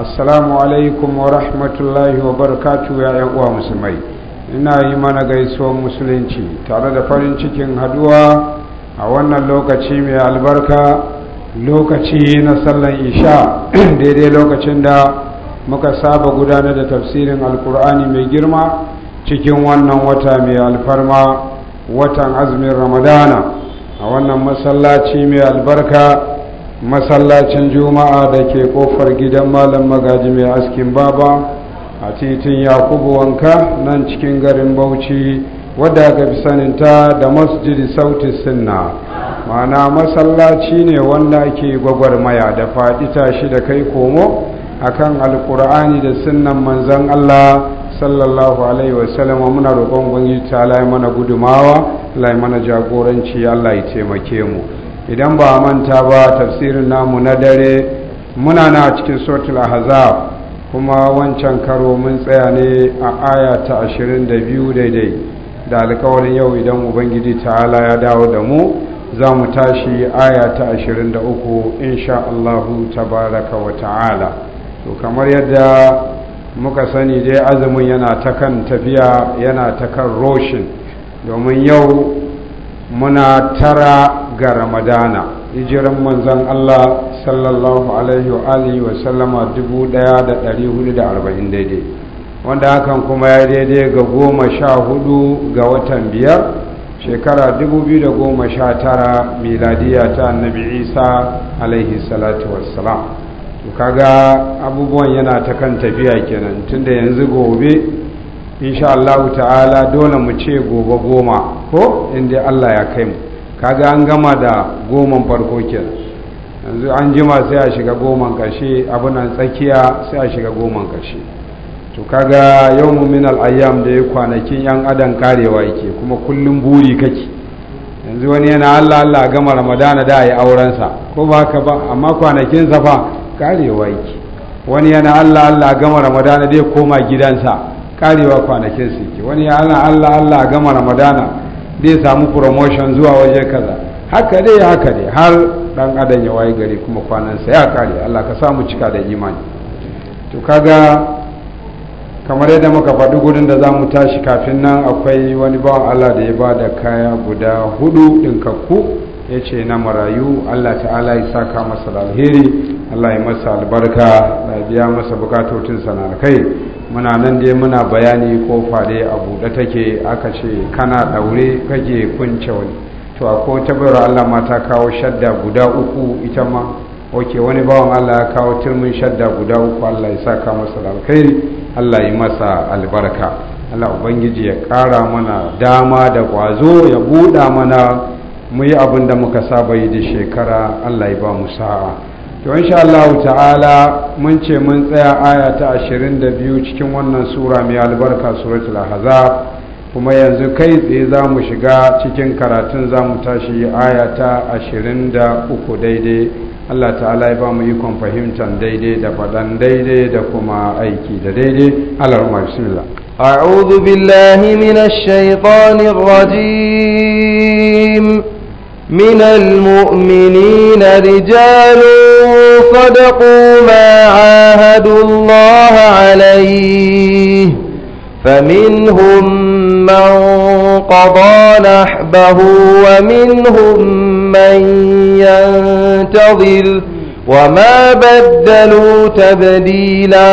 assalamu alaikum wa rahmatullahi wa barakatu ya uwa musulmai ina yi mana gaisuwan musulunci tare da farin cikin haduwa a wannan lokaci mai albarka lokaci na sallan isha daidai lokacin da muka saba gudanar da tafsirin alkur'ani mai girma cikin wannan wata mai alfarma watan azumin ramadana a wannan masallaci mai albarka masallacin juma'a da ke kofar gidan malam magaji mai askin baba a titin yakubu wanka nan cikin garin bauchi wadda aka fi saninta da masjidi sauti sinna ma'ana masallaci ne wanda ake gwagwarmaya da faɗi tashi da kai komo akan alkur'ani da sunnan manzan allah sallallahu alaihi wasallam muna roƙon gwangi ta mana gudumawa lai mana jagoranci allah ya taimake mu idan ba manta ba tafsirin namu na dare muna na cikin sotul ahzab kuma wancan karo mun tsaya ne a aya ta 22 daidai da alkawarin yau idan ubangiji ta'ala ya dawo da mu za mu tashi aya ta 23 insha Allahu tabaraka wa ta'ala to kamar yadda muka sani dai azumin yana ta kan tafiya yana ta kan roshin domin yau muna tara ga ramadana hijiran manzan Allah sallallahu alaihi wa alihi wa sallama 1440 daidai wanda hakan kuma ya daidai ga goma sha hudu ga watan biyar shekara 2019 miladiya ta annabi isa alaihi salatu wassalam kaga abubuwan yana ta kan tafiya kenan tunda yanzu gobe insha Allah ta'ala dole mu ce gobe goma ko inda Allah ya kai mu kaga an gama da goman farko kenan yanzu an jima sai a shiga goman ƙarshe abunan tsakiya sai a shiga goman ƙarshe to kaga yau min al'ayyam da ya kwanakin yan adam karewa yake kuma kullum buri kake yanzu wani yana allah allah gama ramadana da ya yi aurensa ko ba ka ba amma kwanakinsa fa karewa yake wani yana allah allah gama ramadana da ya koma gidansa karewa kwanakin su yake wani yana allah allah gama ramadana zai samu promotion zuwa waje kaza haka dai haka dai har dan adam ya waye gari kuma kwanansa ya kare Allah ka samu cika da imani to kaga kamar yadda muka faɗi gurin da za mu tashi kafin nan akwai wani bawan Allah da ya ba da kaya guda hudu ɗinkakku ya ce na marayu Allah ta'ala ya saka masa alheri Allah ya masa albarka ya biya masa bukatotinsa na kai muna nan dai muna bayani ko fare a buɗe take aka ce kana ɗaure kage kunce wani to a ko tabbara Allah ma ta kawo shadda guda uku ita ma oke wani bawan Allah ya kawo turmin shadda guda uku Allah ya saka masa alkhairi Allah ya masa albarka Allah ubangiji ya kara mana dama da ƙwazo ya buɗa mana mu yi abin da muka saba yi da shekara Allah ya ba mu sa'a to insha Allah ta'ala mun ce mun tsaya aya ta 22 cikin wannan sura mai albarka suratul ahzab kuma yanzu kai tsaye za mu shiga cikin karatun za mu tashi aya ta 23 daidai Allah ta'ala ya ba mu ikon fahimtar daidai da faɗan daidai da kuma aiki da daidai Allah rahma bismillah a'udhu billahi minash shaitanir rajim minal mu'minina rijalun صدقوا ما عاهدوا الله عليه فمنهم من قضى نحبه ومنهم من ينتظر وما بدلوا تبديلا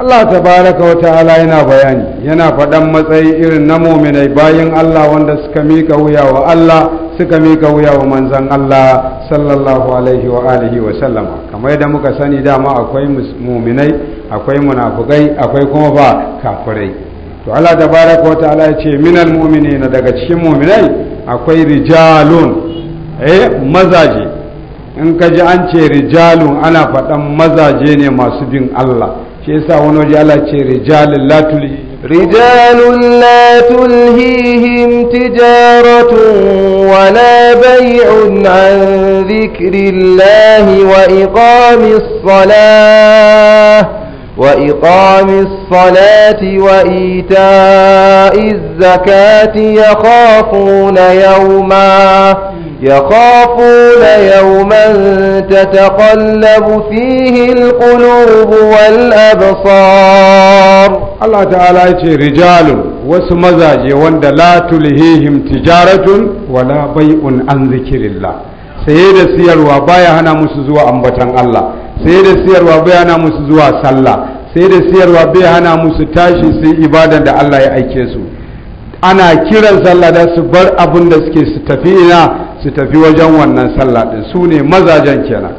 الله تبارك وتعالى yana bayani yana faɗan matsayi irin na muminai bayan Allah wanda suka mika wuya wa Allah suka mika wuya wa manzon Allah sallallahu alaihi wa alihi wa sallama kamar yadda muka sani dama akwai muminai akwai munafukai akwai kuma ba kafirai to Allah tabaraka wa ta'ala ya ce minal mu'minina daga cikin muminai akwai rijalun eh mazaje in ka ji an ce rijalun ana faɗan mazaje ne masu bin Allah shi yasa wani waje Allah ce rijalun latul rijalun latul hihim tijaratun wala bai'un an zikrillahi wa iqamis salah وإقام الصلاة وإيتاء الزكاة يخافون يوما يخافون يوما تتقلب فيه القلوب والأبصار الله تعالى يقول رجال وسمزاج وند لا تلهيهم تجارة ولا بيء عن ذكر الله سيد سير وبايا هنا مسزوا أنبتان الله سيد سير وبايا هنا مسزوا صلى سيد سير وبايا هنا مستاشي سي إبادة الله يأيكيسو ana kiran sallah da su bar abin da suke su tafi ina su tafi wajen wannan sallah din su ne mazajen kenan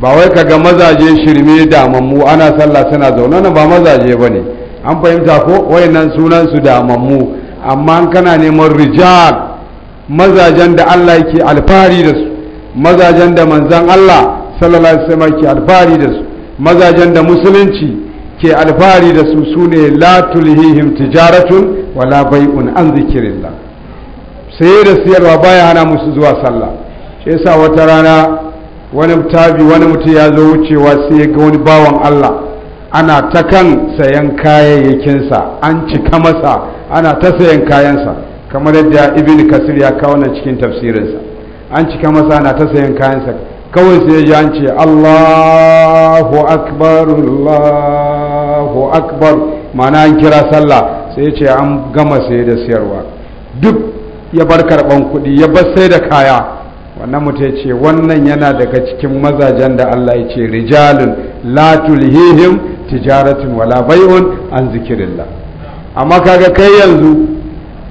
ba wai kaga mazaje shirme damammu ana sallah suna zaune nan ba mazaje ba ne an fahimta ko wayannan sunan su damammu amma an kana neman rijal mazajen da Allah yake alfahari da su mazajen da manzan Allah sallallahu alaihi wasallam ke alfahari da su mazajen da musulunci ke alfahari da su sune la tulhihim tijaratun wala bai'un an zikrillah sai da siyarwa baya hana musu zuwa sallah shi yasa wata rana wani tabi wani mutum ya zo wucewa sai ya ga wani bawan Allah ana ta kan sayan kayayyakin sa an cika masa ana ta sayan kayan sa kamar yadda ibn kasir ya kawo na cikin tafsirin sa an cika masa ana ta sayan kayan sa kawai sai ya an ce Allahu akbar Allahu akbar mana an kira sallah sai ya ce an gama saye da siyarwa duk ya bar karɓan kuɗi ya bar sai da kaya wannan mutum ya ce wannan yana daga cikin mazajen da Allah ya ce rijalun la tulhihim tijaratun wala bai'un an zikirillah amma kaga kai yanzu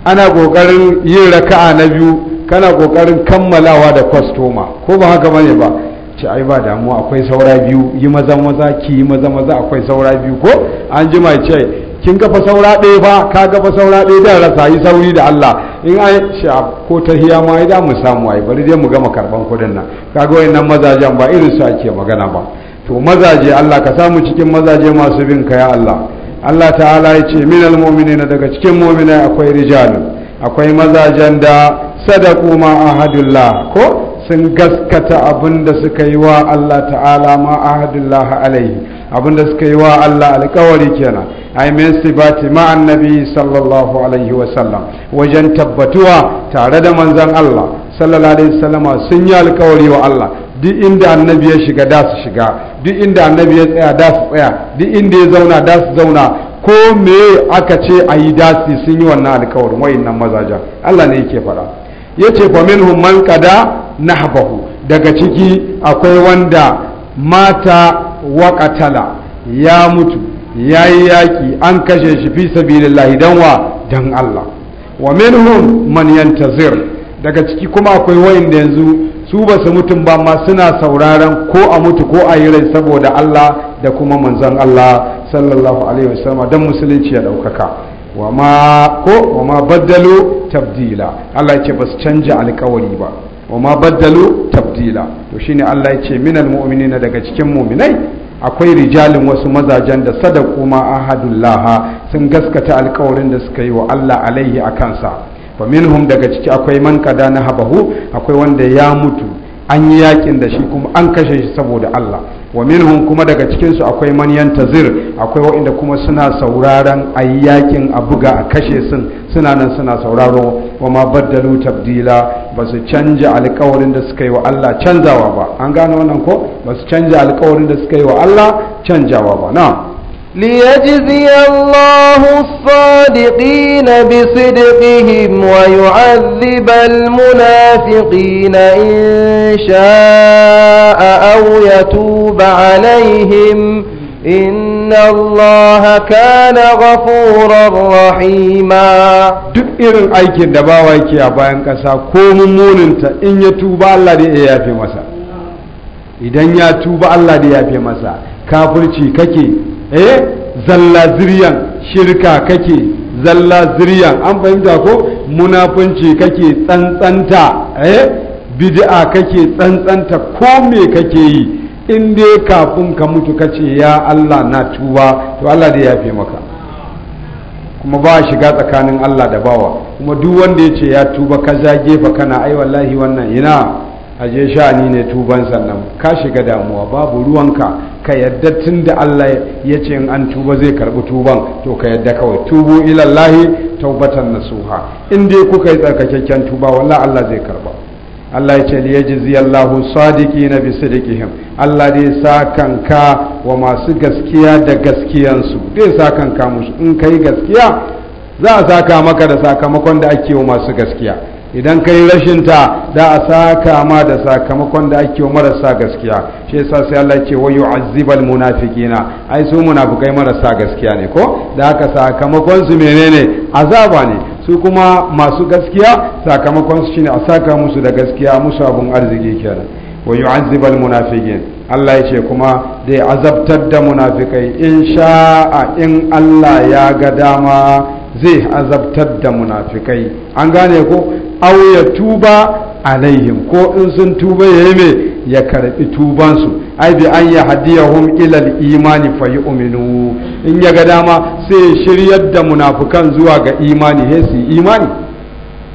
ana kokarin yin raka'a na biyu kana kokarin kammalawa da kwastoma ko ba haka bane ba ce ai ba damuwa akwai saura biyu yi maza maza ki yi maza maza akwai saura biyu ko an jima ce kin kafa saura ɗaya ba ka kafa saura ɗaya da rasa yi sauri da Allah in ai sha ko ta hiya ma ya mu samu ai bari dai mu gama karban kudin nan kaga wayannan mazajen ba irin su ake magana ba to mazaje Allah ka samu cikin mazaje masu bin ka ya Allah Allah ta'ala ya ce minal mu'minina daga cikin mu'minai akwai rijalu, akwai mazajen da sadaku ma ahadullah ko sun gaskata abin da suka yi wa Allah ta'ala ma ahadullahi alaihi da suka yi wa Allah alkawari kenan ai min sibati ma annabi sallallahu alaihi wa wajen tabbatuwa tare da manzan Allah sallallahu alaihi wasallam sun yi alkawari wa Allah duk inda annabi ya shiga da su shiga duk inda annabi ya tsaya da su tsaya duk inda ya zauna da su zauna ko me aka ce a yi dasi sun yi wannan alkawarin wayannan mazajen Allah ne yake faɗa yace fa minhum man qada nahbahu daga ciki akwai wanda mata wa katala ya mutu ya yi yaƙi an kashe shi fi sabilillahi dan wa dan Allah wa minhum man yantazir daga ciki kuma akwai wayanda yanzu su ba su mutum ba ma suna sauraron ko a mutu ko a yi rai saboda Allah da kuma manzon Allah sallallahu alaihi wasallam dan musulunci ya daukaka wa ma ko wa ma baddalu tabdila Allah ya ce ba su canja alƙawari ba wa ma baddalu tabdila to shine Allah ya ce minal mu'minina daga cikin mu'minai akwai rijalin wasu mazajen da sadaku ma ahadullah sun gaskata alƙawarin da suka yi wa Allah alaihi a kansa wa minhum daga ciki akwai man kada na habahu akwai wanda ya mutu an yi yakin da shi kuma an kashe shi saboda Allah wa minhum kuma daga cikinsu akwai man yantazir akwai waɗanda kuma suna sauraron ayi yakin a buga a kashe sun suna nan suna sauraro wa ma baddalu tabdila ba su canja alkawarin da suka yi wa Allah canzawa ba an gane wannan ko ba su canja alkawarin da suka yi wa Allah canjawa ba na ليجزي الله الصادقين بصدقهم ويعذب المنافقين إن شاء أو يتوب عليهم إن الله كان غفورا رحيما duk irin aikin da bawa yake a bayan ƙasa ko mummuninta in ya tuba Allah da ya yafe masa idan ya tuba Allah da ya yafe masa kafirci kake eh zalla ziryan shirka kake zalla ziryan an fahimta ko munafunci kake tsantsanta eh bid'a kake tsantsanta ko me kake yi in dai kafin ka mutu ka ce ya Allah na tuba to Allah da ya fi maka kuma ba a shiga tsakanin Allah da bawa kuma duk wanda ya ce ya tuba ka zage ba kana ai wallahi wannan ina aje sha'ani ne tuban sannan ka shiga damuwa babu ruwanka ka yadda tun da Allah ya ce in an tuba zai karbi tuban to ka yadda kawai tubu ilallahi taubatan nasuha in dai kuka yi tsarkakakken tuba wallahi Allah zai karba Allah ya ce liyajzi Allahu sadiqina bi sidqihim Allah dai sakanka wa masu gaskiya da gaskiyansu dai kanka musu in kai gaskiya za a saka maka da sakamakon da ake wa masu gaskiya idan ka yi rashinta da a saka ma da sakamakon da ake wa marasa gaskiya shi yasa sai Allah ce wa yu'azzibal munafiqina ai su munafikai marasa gaskiya ne ko da haka sakamakon su menene azaba ne su kuma masu gaskiya sakamakon su shine a saka musu da gaskiya musu abun arziki kenan wa yu'azzibal munafiqin Allah ya ce kuma da azabtar da munafikai in a in Allah ya ga dama zai azabtar da munafikai an gane ko aw ya tuba alaihim ko in sun tuba ya yi mai ya karɓi tubansu ai bi an ya hadiyahum ilal imani fa yu'minu in ya ga dama sai shiryar da munafukan zuwa ga imani he su imani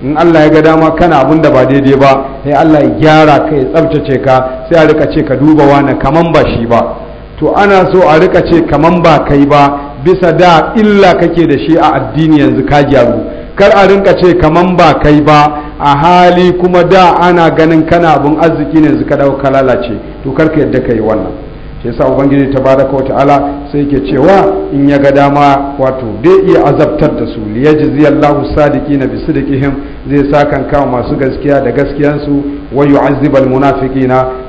in Allah ya ga dama kana abin da ba daidai ba sai Allah ya gyara ka ya tsabtace ka sai a rika ce ka duba wani kaman ba shi ba to ana so a rika ce kaman ba kai ba bisa da illa kake da shi a addini yanzu ka gyaru kar a rinka ce kaman ba kai ba a hali kuma da ana ganin kana abin arziki ne zuka da ka lalace to kar ka yadda kai wannan shi yasa ubangiji tabaraka ta'ala sai yake cewa in ya ga dama wato dai iya azabtar da su liyajziyallahu sadiqina bisidqihim zai sa kan kama masu gaskiya da gaskiyansu wa yu'azzibal na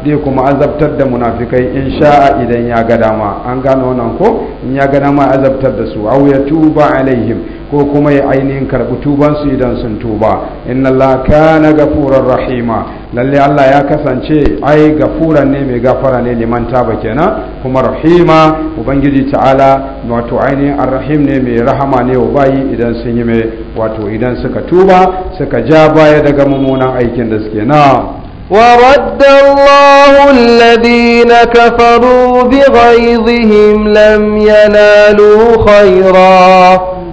da kuma azabtar da munafikai in sha'a idan ya ga dama an gano wannan ko in ya ga dama azabtar da su aw tuba alaihim ko kuma ya ainihin karɓi tubansu idan sun tuba inna Allah kana gafuran rahima lalle Allah ya kasance ai gafuran ne mai gafara ne liman taba kenan kuma rahima ubangiji ta'ala wato ainihin arrahim ne mai rahama ne wa bayi idan sun yi mai wato idan suka tuba suka ja baya daga mummunan aikin da suke na ورد الله الذين كفروا بغيظهم لم ينالوا خيرا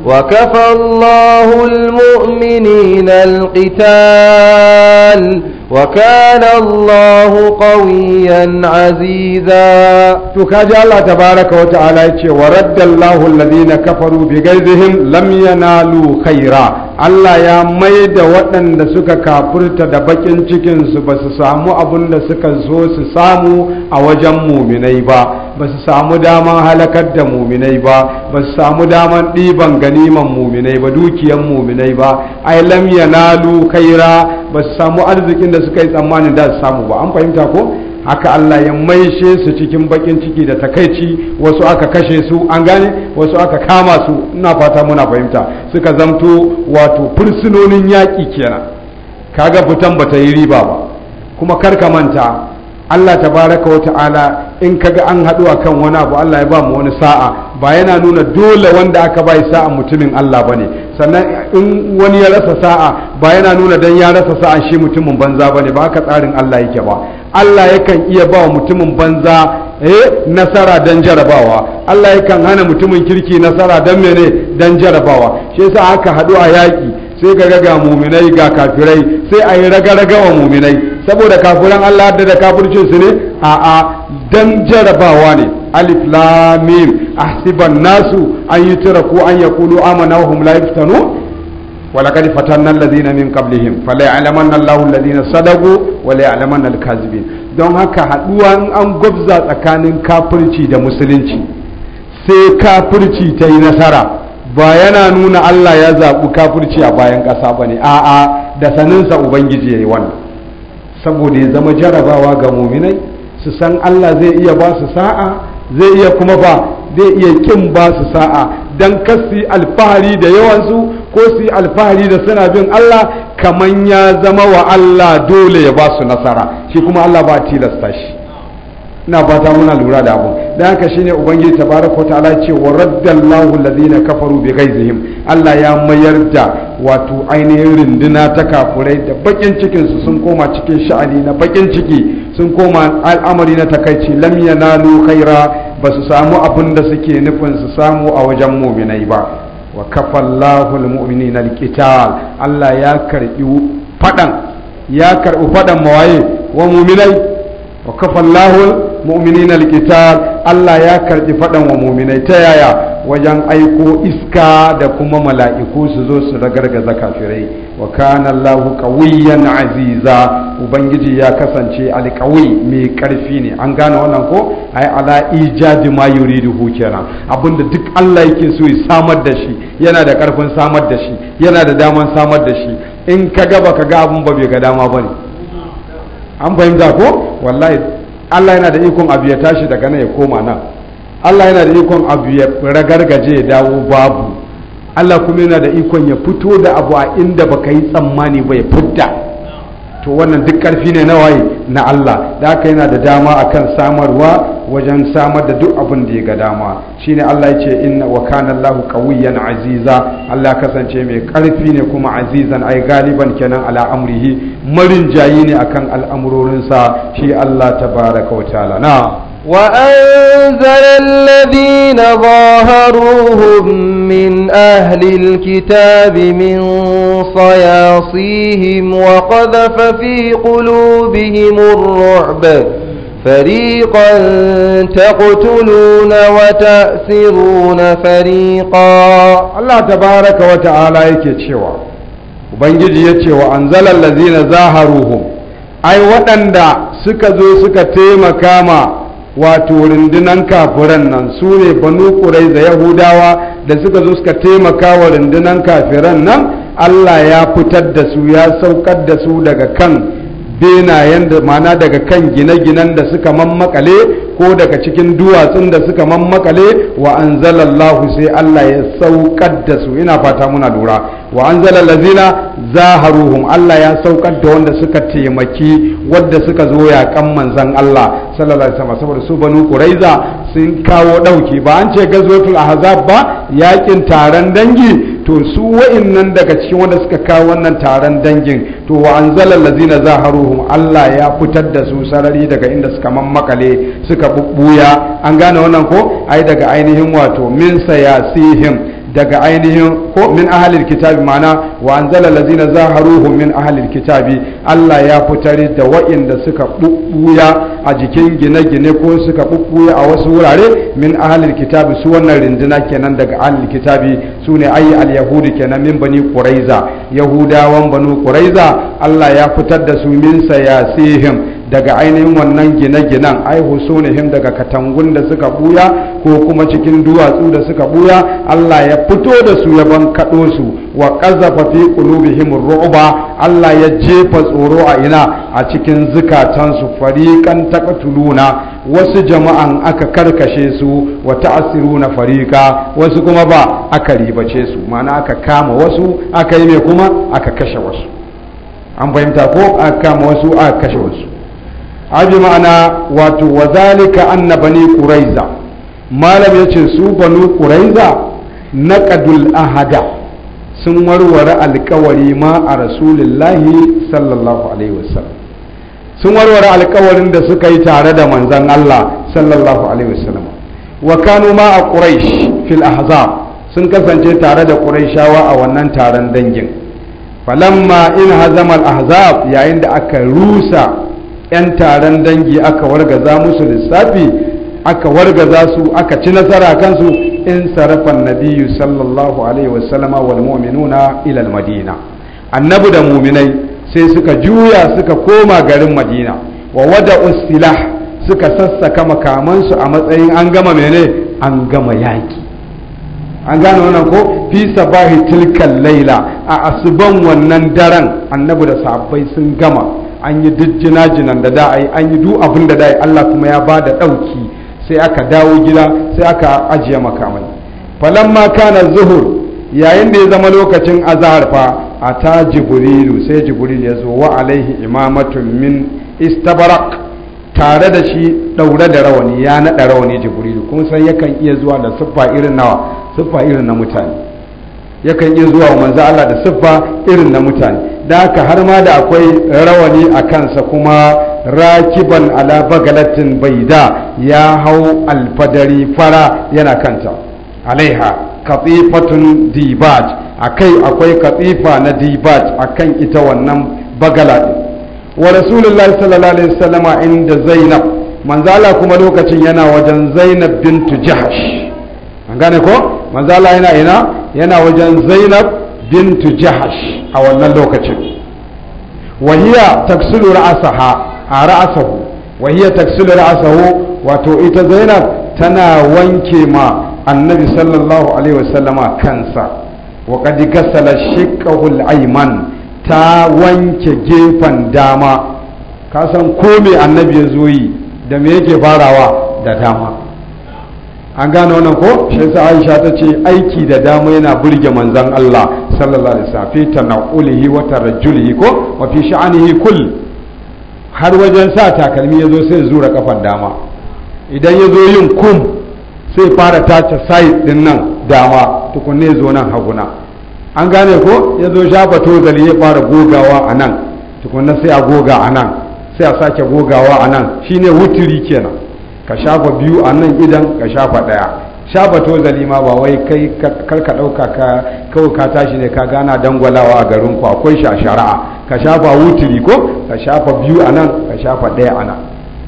وكفى الله المؤمنين القتال وكان الله قويا عزيزا تكاج الله تبارك وتعالى ورد الله الذين كفروا بغيظهم لم ينالوا خيرا Allah ya mai da waɗanda suka kafurta da baƙin cikinsu ba su samu abin da suka zo su samu a wajen muminai ba ba su samu daman halakar da muminai ba ba su samu damar ɗiban gani ganiman muminai ba dukiyan muminai ba ai lam yanalu kaira ba su samu arzikin da suka yi tsammanin da su samu ba an fahimta ko haka Allah ya maishe su cikin bakin ciki da takaici wasu aka kashe su an gane wasu aka kama su ina fata muna fahimta suka zamto wato fursunonin yaƙi kenan kaga fitan bata yi riba ba kuma kar ka manta Allah Ta baraka wa ta'ala in kaga an haɗu a kan wani abu Allah ya ba mu wani sa'a ba yana nuna dole wanda aka bai sa'a mutumin Allah ba ne sannan in wani ya rasa sa'a ba yana nuna dan ya rasa sa'a shi mutumin banza ba ne ba haka tsarin Allah yake ba Allah yakan iya ba wa mutumin banza eh nasara dan jarabawa Allah yakan hana mutumin kirki nasara dan mene dan jarabawa shi yasa aka haɗu a yaƙi sai ga ga muminai ga kafirai sai a yi raga-raga wa muminai saboda kafiran Allah da da kafircin su ne a a dan jarabawa ne alif lam mim ahsiban nasu an yutraku an yaqulu amana wa hum la yuftanu ولقد min الذين من قبلهم فليعلمن الله الذين صدقوا وليعلمن الكاذبين don haka haduwa an gwabza tsakanin kafirci da musulunci sai kafirci ta yi nasara ba yana nuna Allah ya zaɓi kafirci a bayan ƙasa ba ne a'a da saninsa ubangiji ya yi wannan saboda ya zama jarabawa ga muminai su san Allah zai iya ba su sa'a zai iya kuma ba zai iya kin ba su sa'a don kasi alfahari da yawansu ko su yi alfahari da suna bin Allah kamar ya zama wa Allah dole ya ba su nasara shi kuma Allah ba tilasta shi ina fata muna lura da abun da haka shine ubangiji tabaraka wa ta'ala ce wa raddallahu allazina kafaru bi ghaizihim Allah ya mayar da wato ainihin rinduna ta kafurai da bakin cikin su sun koma cikin sha'ani na bakin ciki sun koma al'amari na takaici lam yanalu khaira ba su samu abin da suke nufin su samu a wajen mu'minai ba wa kafallahu almu'minina alqital Allah ya karbi fadan ya karbi fadan mawaye wa mu'minai wa kafallahu mu'minin likita Allah ya karbi faɗan wa mu'minai ta yaya wajen aiko iska da kuma mala'iku su zo su ragargaza kafirai wa kana Allahu qawiyyan aziza ubangiji ya kasance alqawi mai karfi ne an gane wannan ko ai ala ijadi ma yuridu kenan abinda duk Allah yake so ya samar da shi yana da karfin samar da shi yana da daman samar da shi in ka ga baka ga abun ba bai ga dama bane an fahimta ko wallahi Allah yana da ikon abu ya tashi daga nan ya koma nan Allah yana da ikon abu ya ragargaje ya dawo babu Allah kuma yana da ikon ya fito da abu a inda baka yi tsammani ba ya fidda to wannan duk ƙarfi ne na waye na Allah da haka yana da dama akan samarwa wajen samar da duk abin da ya ga dama shine Allah ya ce inna wa kana Allah qawiyyan aziza Allah kasance mai ƙarfi ne kuma azizan ai galiban kenan ala amrihi marin jayi ne akan al'amurorinsa shi Allah tabaraka wa ta'ala na وأنزل الذين ظاهروهم من أهل الكتاب من صياصيهم وقذف في قلوبهم الرعب فريقا تقتلون وتأسرون فريقا الله تبارك وتعالى يكتشوا وبنجي يتشوا وأنزل الذين ظاهروهم أي وأندا سكزو سكتيم كاما wato rundunan kafiran nan su ne banu kurai da yahudawa da suka zo suka taimaka wa rundunan kafiran nan allah ya fitar da su ya saukar da su daga kan benayen da mana daga kan gine-ginen da suka mammakale ko daga cikin duwatsun da suka mammakale wa anzalallahu sai Allah ya saukar da su ina fata muna lura wa za a zaharuhum Allah ya saukar da wanda suka taimaki wanda suka zo ya kan manzon Allah sallallahu alaihi wasallam saboda su banu quraiza sun kawo dauki ba an ce gazwatul ahzab ba yakin taron dangi to su wa'annan daga cikin wanda suka kawo wannan taron dangin to wa anzala allazina zaharuhum Allah ya fitar da su sarari daga inda suka mammakale suka bubbuya an gane wannan ko ai daga ainihin wato min sayasihim daga ainihin ko min ahalil kitabi mana wa anzala lazina zaharuhum min ahalil kitabi Allah ya fitar da wa'inda suka bubbuya a jikin gine-gine ko suka bubbuya a wasu wurare min ahalil kitabi su wannan rinduna kenan daga ahalil kitabi su ne ayi al-yahudi kenan min bani quraiza yahudawan banu quraiza Allah ya fitar da su min sayasihim daga ainihin wannan gine-ginen ai husunihim daga katangun da suka buya ko kuma cikin duwatsu da suka buya Allah ya fito da su ya bankaɗo su wa ƙazafa fi qulubihim roba, Allah ya jefa tsoro a ina a cikin zukatansu farikan takatuluna wasu jama'an aka karkashe su wa ta'asiru na farika wasu kuma ba aka ribace su ma'ana aka kama wasu aka yi mai kuma aka kashe wasu an fahimta ko aka kama wasu aka kashe wasu aji ma'ana wato wa zalika anna bani quraiza malam yace su banu quraiza naqadul ahada sun warware alkawari ma a rasulillahi sallallahu alaihi wasallam sun warware alkawarin da suka yi tare da manzon Allah sallallahu alaihi wasallam wa kanu ma a quraish fil ahzab sun kasance tare da quraishawa a wannan taron dangin falamma in hazama al ahzab yayin da aka rusa 'yan taron dangi aka wargaza musu lissafi aka wargaza su aka ci nasara kansu in sarafan nabiyu sallallahu alaihi wasallama wal mu'minuna ila madina annabi da muminai sai suka juya suka koma garin madina wa wada ustilah suka sassaka makamansu a matsayin an gama mene an gama yaki an gane wannan ko fi sabahi tilkal laila a asuban wannan daren annabi da sa'abbai sun gama an yi duk jinan da da yi an yi duk abin da da yi Allah kuma ya ba da ɗauki sai aka dawo gida sai aka ajiye makamai falamma kana zuhur yayin da ya zama lokacin azhar fa ata jibrilu sai jibril ya zo wa alaihi imamatun min istabarak tare da shi daure da rawani ya naɗa rawani jibril kuma sai yakan iya zuwa da siffa irin nawa siffa irin na mutane yakan iya zuwa manzo Allah da siffa irin na mutane da aka har ma da akwai rawani a kansa kuma rakiban ala bagalatin da ya hau alfadari fara yana kanta alaiha katsifatun dibaj kai akwai katsifa na dibaj kan ita wannan bagala wa rasulullahi sallallahu alaihi wasallama inda zainab manzala kuma lokacin yana wajen zainab bintu jahash an gane ko manzala yana ina yana wajen zainab bintu jahash a wannan lokacin wahiya taksilu ra'asaha a ra'asahu wahiya taksilu ra'asahu wato ita zainab tana wanke ma annabi sallallahu alaihi wasallama kansa wa qad gassala shiqqahu al-ayman ta wanke gefen dama ka san ko me annabi ya yi da me yake farawa da dama an gane wannan ko sai aisha ta ce aiki da dama yana burge manzon Allah sallallahu alaihi wasallam fi tanawulihi wa tarajjulihi ko wa fi sha'anihi kull har wajen sa takalmi yazo sai zura kafan dama idan yazo yin kum sai fara tace side din nan dama tukunne zo nan haguna an gane ko yazo shafa tozali ya fara gogawa a nan tukunna sai a goga a nan sai a sake gogawa a nan shine wuturi kenan ka shafa biyu a nan idan ka shafa ɗaya shafato zalima ba wai kai karka ɗauka ka kawai ka tashi ne ka gana dangwalawa a garin ku akwai shi a shari'a ka shafa wutiri ko ka shafa biyu a nan ka shafa ɗaya a nan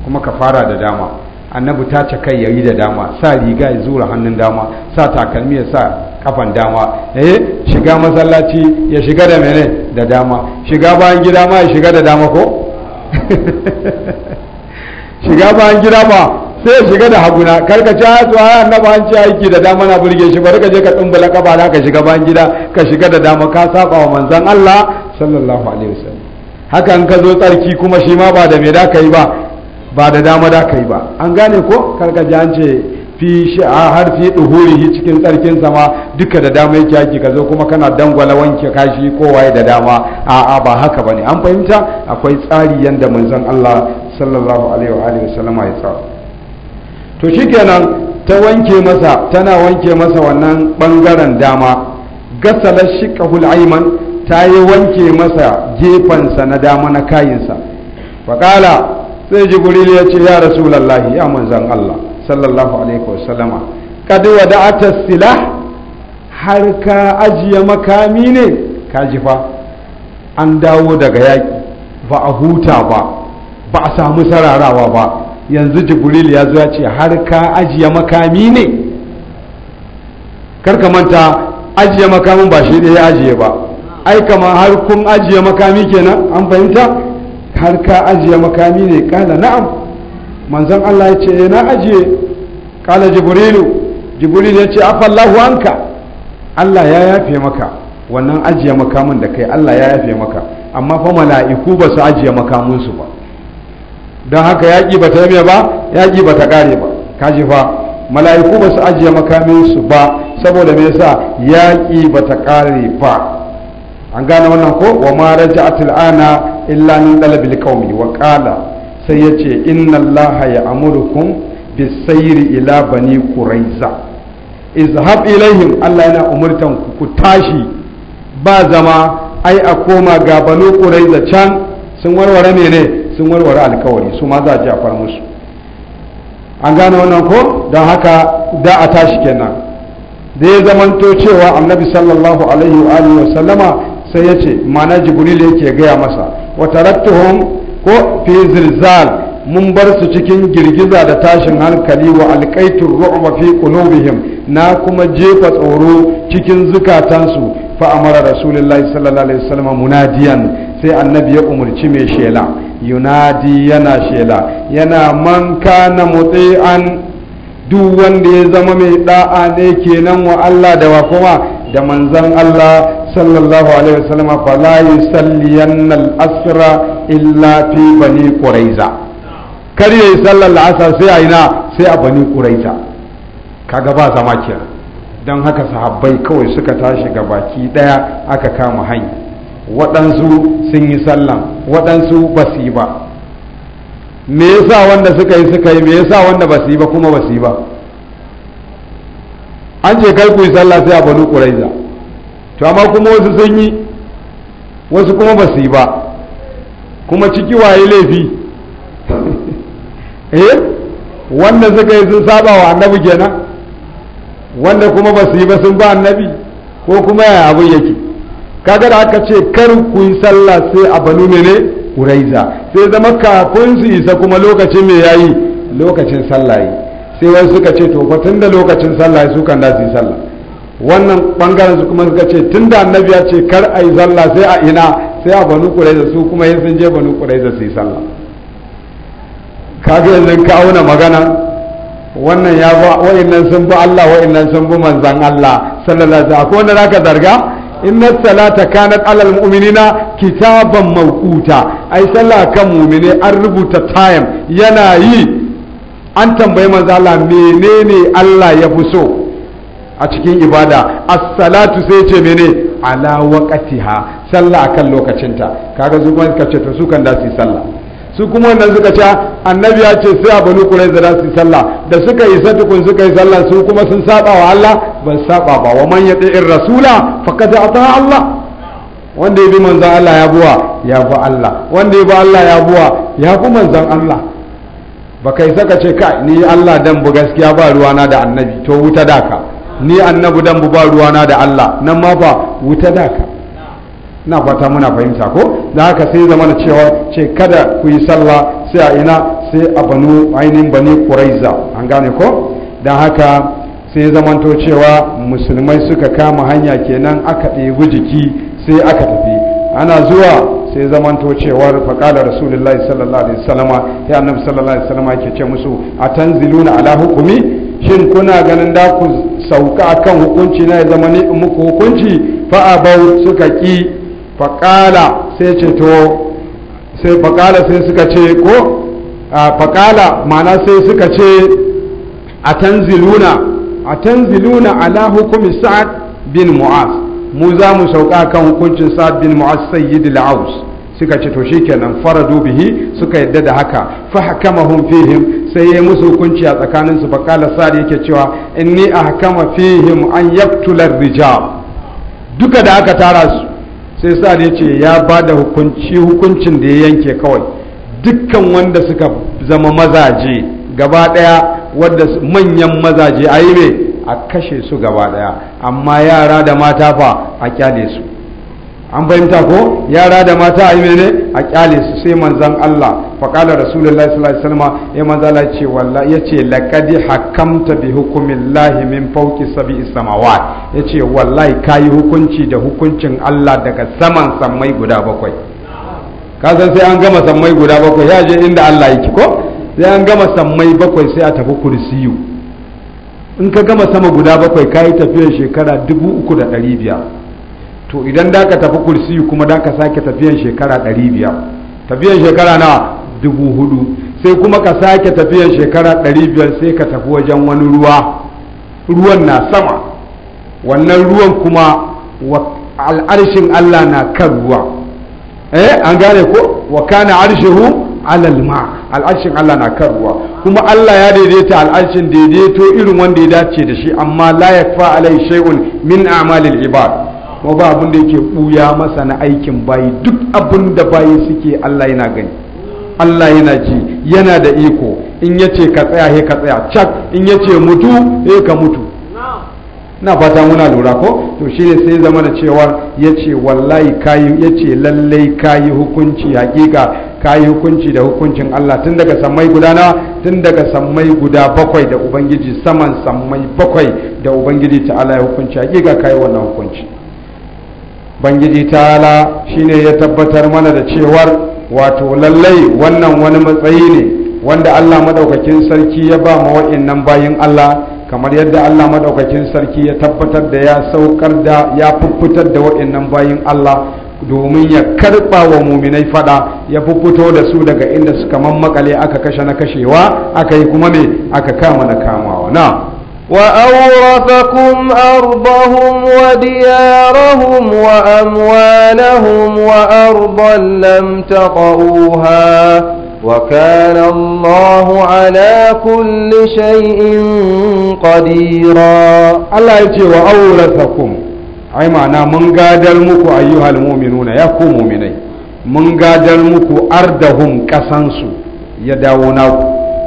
kuma ka fara da dama annabi ta ce kai yayi da dama sa riga ya zura hannun dama sa takalmi ya sa kafan dama eh shiga masallaci ya shiga da mene da dama shiga bayan gida ma ya shiga da dama ko shiga bayan gida ba sai shiga da haguna ci hatsu a annaba an ci aiki da dama na burge shi bari ka je ka tsumbula kaba da ka shiga ban gida ka shiga da dama ka saba wa manzan Allah sallallahu alaihi wasallam hakan ka zo tsarki kuma shi ma ba da me da ka ba ba da dama da ka ba an gane ko ji an ce fi har fi duhurihi cikin tsarkin sama duka da dama yake aiki ka zo kuma kana dangwala wanke kashi kowa da dama a'a ba haka bane an fahimta akwai tsari yanda manzan Allah sallallahu alaihi wa alihi wasallama ya tsara to shikenan ta wanke masa tana wanke masa wannan bangaren dama gasalar shiqahul hul'aiman ta yi wanke masa gefansa na dama na kayinsa faƙala sai jibril ya ce ya lallahi ya manzan Allah sallallahu alaihi wasallama kad wada'ata silah har ka ajiye makami ne ka ji fa an dawo daga yaƙi ba a huta ba ba a samu sararawa ba yanzu jibril ya zo ya ce har ka ajiye makami ne karka manta ajiye makamin ba shi ɗaya ajiye ba ai kama har kun ajiye makami kenan an fahimta har ka ajiye makami ne kala na'am manzon Allah ya ce eh, na ajiye kala jibrilu jibril ya ce afallahu anka Allah ya yafe maka wannan ajiye makamin da kai Allah ya yafe maka amma fa mala'iku ba su ajiye makamin su ba don haka yaƙi ba ta yame ba yaƙi ba ta ƙare ba kaji fa mala'iku ba su ajiye makamin su ba saboda me yasa yaƙi ba ta ƙare ba an gane wannan ko wa ma raja'atul ana illa min dalabil qaumi wa qala sai yace inna allaha ya'murukum bisayri ila bani quraiza izhab ilaihim allah yana umurtan ku tashi ba zama ai a koma ga bani quraiza can sun warware mene sun warware alkawari su ma za a jafar musu an gane wannan ko don haka da a tashi kenan da ya zamanto cewa annabi sallallahu alaihi wa alihi wa sallama sai ya ce mana jibril yake gaya masa wa tarattuhum ko fi zilzal mun bar su cikin girgiza da tashin hankali wa alqaitu ru'ba fi qulubihim na kuma jefa tsoro cikin zukatansu fa amara rasulullahi sallallahu alaihi wasallam munadiyan sai annabi ya umarci mai shela yunadi yana shela yana man kana an duk wanda ya zama mai da'a ne kenan wa Allah da wa kuma da manzan Allah sallallahu alaihi wasallam fa la yusalliyanna al-asra illa fi bani quraiza kar yayi sallar asar sai a ina sai a bani quraiza kaga ba zama kenan don haka sahabbai kawai suka tashi ga baki daya aka kama hanya waɗansu sun yi sallan waɗansu ba su yi ba me yasa wanda suka yi suka yi me yasa wanda ba su yi ba kuma ba su yi ba an ce kai ku yi sallah sai a banu ƙuraiza to amma kuma wasu sun yi wasu kuma ba su yi ba kuma ciki waye laifi eh wanda suka yi sun saba wa annabi kenan wanda kuma ba su yi ba sun ba annabi ko kuma yaya abin yake kaga da aka ce kar ku yi sallah sai a banu mene uraiza sai zama kafin su isa kuma lokacin me yayi lokacin sallah yi sai wani suka ce to fa tunda lokacin sallah yi su kan da su yi sallah wannan bangaren su kuma suka ce tunda annabi ya ce kar a yi sallah sai a ina sai a banu kuraiza su kuma yin sun je banu kuraiza su yi sallah kaga yanzu ka auna magana wannan ya ba wa'annan sun bi Allah wa'annan sun bi manzan Allah sallallahu alaihi wasallam ko wanda zaka zarga inna salata kanat alal mu'minina kitaban mawquta ai sallah kan mu'mine an rubuta time yana yi an tambayi manzo Allah menene Allah ya fi so a cikin ibada as-salatu sai ce mene ala waqatiha sallah akan lokacinta kaga zuban ka ce to su kan da su sallah su kuma wannan suka ce annabi ya ce sai a banu quraiza da su sallah da suka yi satukun suka yi sallah su kuma sun saba wa Allah ban saba ba wa man yati'ir rasula faqad ata Allah wanda ya bi manzon Allah ya buwa ya bi Allah wanda ya bi Allah ya buwa ya bi manzon Allah ba kai saka ce kai ni Allah dan bu gaskiya ba ruwana da annabi to wuta daka ni annabi dan bu ba ruwana da Allah nan ma fa wuta daka na fata muna fahimta ko da haka sai zama na cewa ce kada ku yi sallah sai a ina sai a banu ainihin bani kuraiza an gane ko don haka sai zamanto cewa musulmai suka kama hanya kenan aka ɗebi jiki sai aka tafi ana zuwa sai zamanto cewar faƙalar rasulullahi sallallahu alaihi salama ya annabi sallallahu alaihi yake ce musu a tanziluna ala hukumi shin kuna ganin da ku sauka akan hukunci na ya zama ne muku hukunci fa abau suka ki faƙala sai sai faƙala sai suka ce ko faƙala mana sai suka ce a tanziluna a tanziluna ala hukumi sa'ad bin mu'az mu za mu sauka kan hukuncin sa'ad bin mu'az sayyid al-aus suka ce to shikenan faradu bihi suka yadda da haka fa hakamahum fihim sai yayi musu hukunci a tsakanin su faqala sa'ad yake cewa inni ahkama fihim an yaqtula rijal duka da aka tara su sai sa'ad ya ce ya ba da hukunci hukuncin da ya yanke kawai dukkan wanda suka zama mazaje gaba daya wadda manyan mazaje a yi a kashe su gaba daya amma yara da mata fa a kyale su an fahimta ko yara da mata a yi mene a kyale su sai manzan Allah faƙala rasulullahi sallallahu alaihi wasallam eh ya manzo Allah ce wallahi yace laqad hakamta bi hukumillahi min fawqi sab'i samawat yace wallahi kai hukunci da hukuncin Allah daga saman sammai guda bakwai ka san sai an gama sammai guda bakwai ya je inda Allah yake ko sai an gama sammai bakwai sai a tafi kursiyu in ka gama sama guda bakwai kai tafiyar shekara dubu uku da ɗari biyar to idan da ka tafi kursi kuma da ka sake tafiyan shekara 500 tafiyan shekara na 4000 sai kuma ka sake tafiyan shekara 500 sai ka tafi wajen wani ruwa ruwan na sama wannan ruwan kuma al'arshin Allah na kan ruwa eh an gane ko wa kana arshihu alal ma al'arshin Allah na kan ruwa kuma Allah ya daidaita al'arshin daidaito irin wanda ya dace da shi amma la yakfa alai shay'un min a'malil ibad kuma ba abin da yake ɓuya masa na aikin bayi duk abin da bayi suke Allah yana gani Allah yana ji yana da iko in ya ce ka tsaya he ka tsaya cak in ya ce mutu he ka mutu na fata muna lura ko to shi ne sai zama da cewar ya ce wallahi kayi ya ce lallai kayi hukunci hakika kayi hukunci da hukuncin Allah tun daga sammai guda na tun daga sammai guda bakwai da ubangiji saman sammai bakwai da ubangiji ta Allah ya hukunci hakika kayi wannan hukunci bangiji ta'ala shine ya tabbatar mana da cewar wato lallai wannan wani matsayi ne wanda Allah madaukakin sarki ya ba ma wa'annan bayin Allah kamar yadda Allah madaukakin sarki ya tabbatar da ya saukar da ya fuffutar da wa'annan bayin Allah domin ya karba wa muminai fada ya fuffuto da su daga inda suka mammakale aka kashe na kashewa aka yi kuma me aka kama na kamawa na وأورثكم أرضهم وديارهم وأموالهم وأرضا لم تطئوها وكان الله على كل شيء قديرا الله يجي وأورثكم أي معنى من قادر مكو أيها المؤمنون يكو مؤمنين من قادر مكو أرضهم كسنسو يداوناو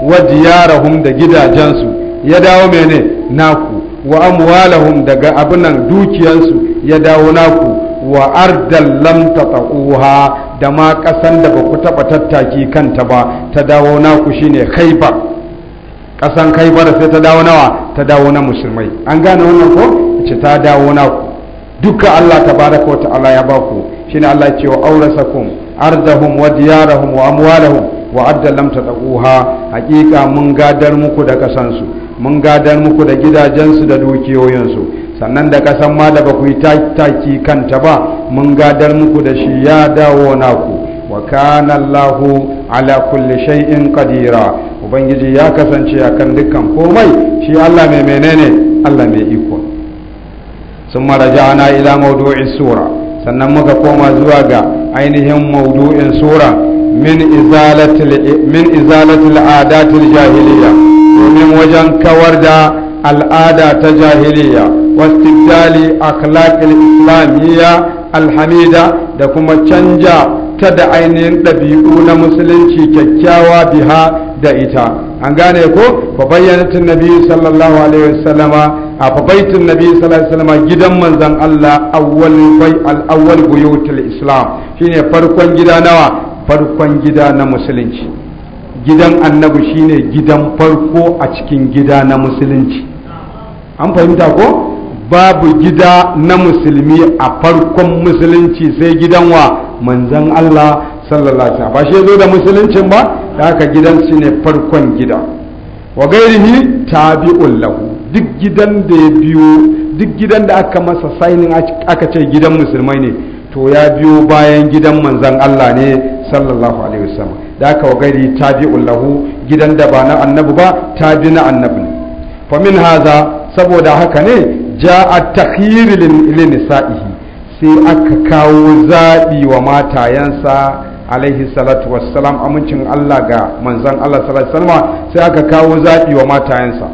وديارهم دا جدا جنسو ya dawo mene naku wa amwalahum daga abinan dukiyansu ya dawo naku wa ardal lam tataquha da ma kasan da ba ku taba tattaki kanta ba ta dawo naku shine khaybar kasan khaybar sai ta dawo nawa ta dawo na musulmai an gane wannan ko ce ta dawo naku duka Allah tabaraka wa ta'ala ya baku shine Allah ya ce wa aurasakum ardahum wa diyarahum wa amwalahum wa adda lam tataquha hakika mun gadar muku da kasansu mun gadar muku da gidajensu da dukiyoyinsu sannan da kasan ma da ba ku yi taki kanta ba mun gadar muku da shi ya dawo naku wa kana Allahu ala kulli shay'in qadira ubangiji ya kasance akan dukkan komai shi Allah mai menene Allah mai iko sun maraja'ana ila maudu'in sura sannan muka koma zuwa ga ainihin maudu'in sura min izalatil adatil jahiliya domin wajen kawar da al'ada ta jahiliya wastibdali akhlaqil islamiyya alhamida da kuma canja ta da ainihin ɗabi'u na musulunci kyakkyawa biha da ita an gane ko fa bayyanatin nabi sallallahu alaihi wasallama a fa baitin nabi sallallahu alaihi wasallama gidan manzon Allah awwal bai al awwal buyutul islam shine farkon gida nawa farkon gida na musulunci gidan annabi shine gidan farko a cikin gida na musulunci an fahimta ko babu gida na musulmi a farkon musulunci sai gidan wa manzan Allah sallallahu alaihi ba shi zo da musuluncin ba da haka gidan shi ne farkon gida wa gairihi tabi'un lahu duk gidan da ya biyo duk gidan da aka masa signing aka ce gidan musulmai ne to ya biyo bayan gidan manzan Allah ne sallallahu alaihi wasallam da aka gari tabi'un lahu gidan da ba na annabi ba tabi na annabi ne fa min haza saboda haka ne ja'a takhyir lil nisa'i sai aka kawo zabi wa matayansa alaihi salatu wassalam amincin Allah ga manzan Allah sallallahu alaihi wasallam sai aka kawo zabi wa matayansa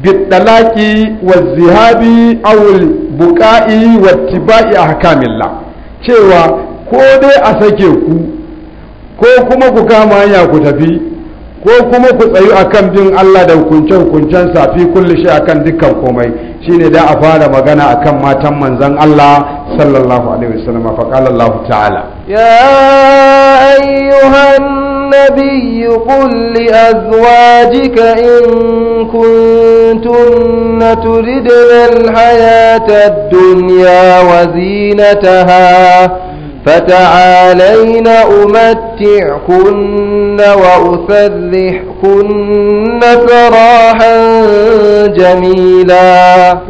bidalaki wa zihabi awul buka'i wa tibai ahkamillah cewa ko dai a sake ku ko kuma ku kama hanya ku tafi ko kuma ku tsayu akan bin Allah da hukunce hukuncen safi kulli shi akan dukkan komai shine da a fara magana akan matan manzon Allah sallallahu alaihi wasallam fa Allah ta'ala ya ayyuhan النبي قل لأزواجك إن كنتن تردن الحياة الدنيا وزينتها فتعالين أمتعكن وأسرحكن سراحا جميلا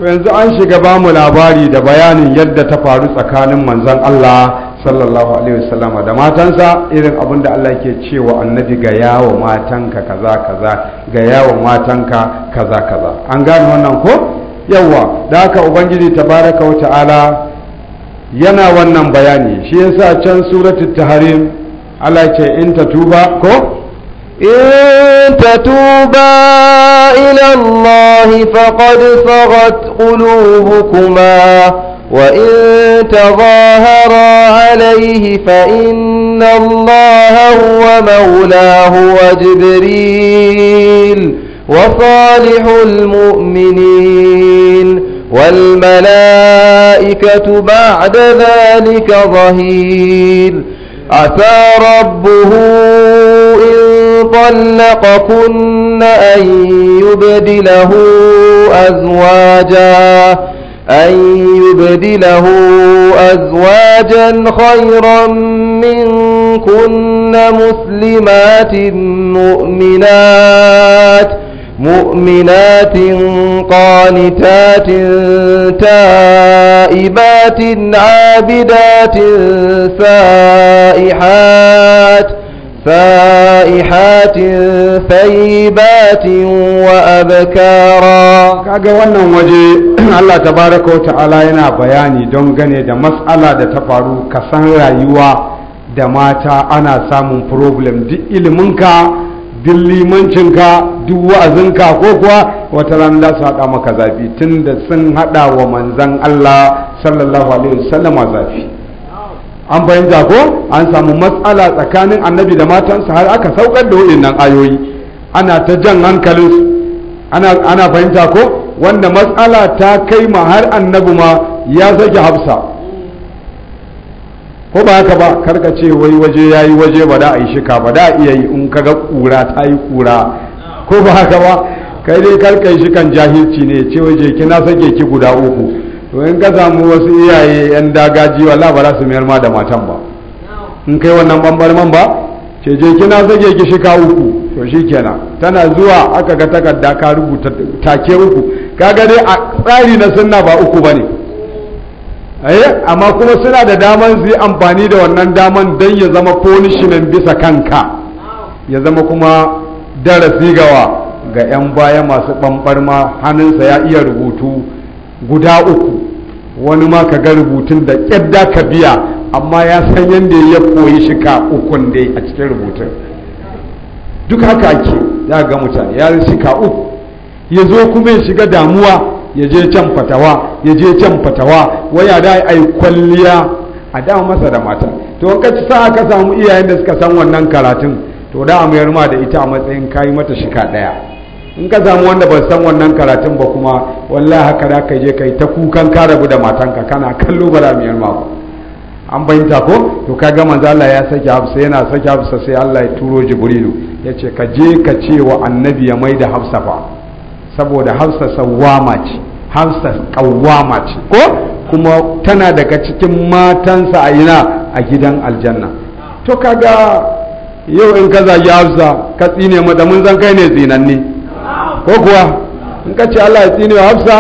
yanzu an shiga ba mu labari da bayanin yadda ta faru tsakanin manzon Allah sallallahu alaihi wasallama da matansa irin abin da Allah ke cewa annabi ga yawo matanka kaza kaza ga yawo matanka kaza kaza an gane wannan ko yawa da haka ubangiji tabaraka wa ta'ala yana wannan bayani shi yasa can suratul tahrim Allah ce in tuba ko in tuba ila Allah faqad saghat qulubukuma وإن تظاهرا عليه فإن الله هو مولاه وجبريل وصالح المؤمنين والملائكة بعد ذلك ظهير عسى ربه إن طلقكن أن يبدله أزواجاً أن يبدله أزواجا خيرا منكن مسلمات مؤمنات مؤمنات قانتات تائبات عابدات سائحات سائحات ثيبات وأبكارا kaga wannan waje Allah ta baraka wa ta'ala yana bayani don gane da matsala da ta faru ka san rayuwa da mata ana samun problem duk iliminka duk limancinka duk wa'azinka ko kuwa wata rana za su haɗa maka zafi tun da sun haɗa wa manzan Allah sallallahu alaihi wasallama zafi an fahimta ko an samu matsala tsakanin annabi da matansa har aka saukar da nan ayoyi ana ta jan hankalinsu ana fahimta ko wanda matsala ta kai ma har annabi ma ya zage hafsa ko ba haka ba karka ce wai waje ya yi waje ba da a yi shika ba da a iya yi in kaga kura ta yi kura ko ba haka ba kai dai karka yi shikan jahilci ne ce waje ki na sake ki guda uku to in ka samu wasu iyaye yan dagaji wala ba za su mayar ma da matan ba in kai wannan bambarman ba ce je kina sake ki shika uku to shi kenan tana zuwa aka ga takarda ka rubuta take uku kaga dai a tsari na sunna ba uku bane eh amma kuma suna da daman su yi amfani da wannan daman dan ya zama punishment bisa kanka ya zama kuma darasi gawa ga 'yan baya masu ɓamɓarma hannunsa ya iya rubutu guda uku wani ma ka ga rubutun da ƙyadda ka biya amma ya san yadda ya koyi shi ka ukun dai a cikin rubutun duk haka ake za ga mutane ya shika uku ya zo kuma ya shiga damuwa ya je can fatawa ya je can fatawa waya da ai kwalliya a dama masa da mata to ka sa aka samu iyayen da suka san wannan karatun to da a mayar ma da ita a matsayin kayi mata shika daya in ka samu wanda ba san wannan karatun ba kuma wallahi haka da ka je kai ta kukan ka rabu da matanka kana kallo ba da ma ba an bayyanta ko to kaga manzo Allah ya saki Hafsa yana saki Hafsa sai Allah ya turo Jibrilu ya ce ka je ka ce wa annabi ya mai da hafsa ba saboda hafsa sawama ce hafsa kawama ce ko kuma tana daga cikin matansa a ina a gidan aljanna to kaga yau in ka zagi hafsa ka tsine da mun zan kai ne tsinanne ko kuwa in ka ce Allah ya tsine wa hafsa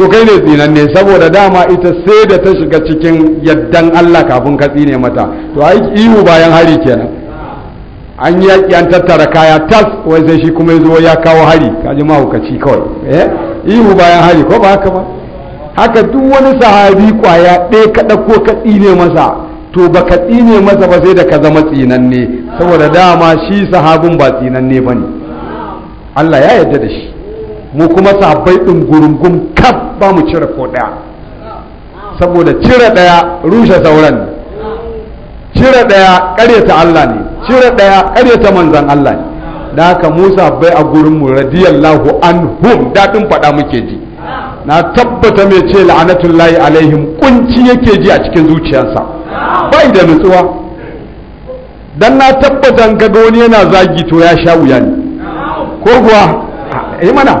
to kai ne tsinanne saboda dama ita sai da ta shiga cikin yaddan Allah kafin ka tsine mata to ai ihu bayan hari kenan an yaƙi an tattara kaya tas wai sai shi kuma ya zo ya kawo hari ji mahaukaci kawai eh ihu bayan hari ko ba haka ba haka duk wani sahabi kwaya ɗaya ka ɗauko ka ne masa to ba ka ne masa ba sai da ka zama tsinanne saboda dama shi sahabin ba tsinanne ba ne Allah ya yarda da shi mu kuma sahabbai ɗin gurungun kaf ba mu cire ko ɗaya saboda cire ɗaya rushe sauran cire ɗaya ƙaryata Allah ne cire ɗaya ta manzan Allah da haka Musa bai a gurin mu radiyallahu anhum daɗin faɗa muke ji na tabbata mai ce la'anatullahi alaihim kunci yake ji a cikin zuciyarsa bai da nutsuwa dan na tabbata ga wani yana zagi to ya sha wuya ne ko kuwa yi eh mana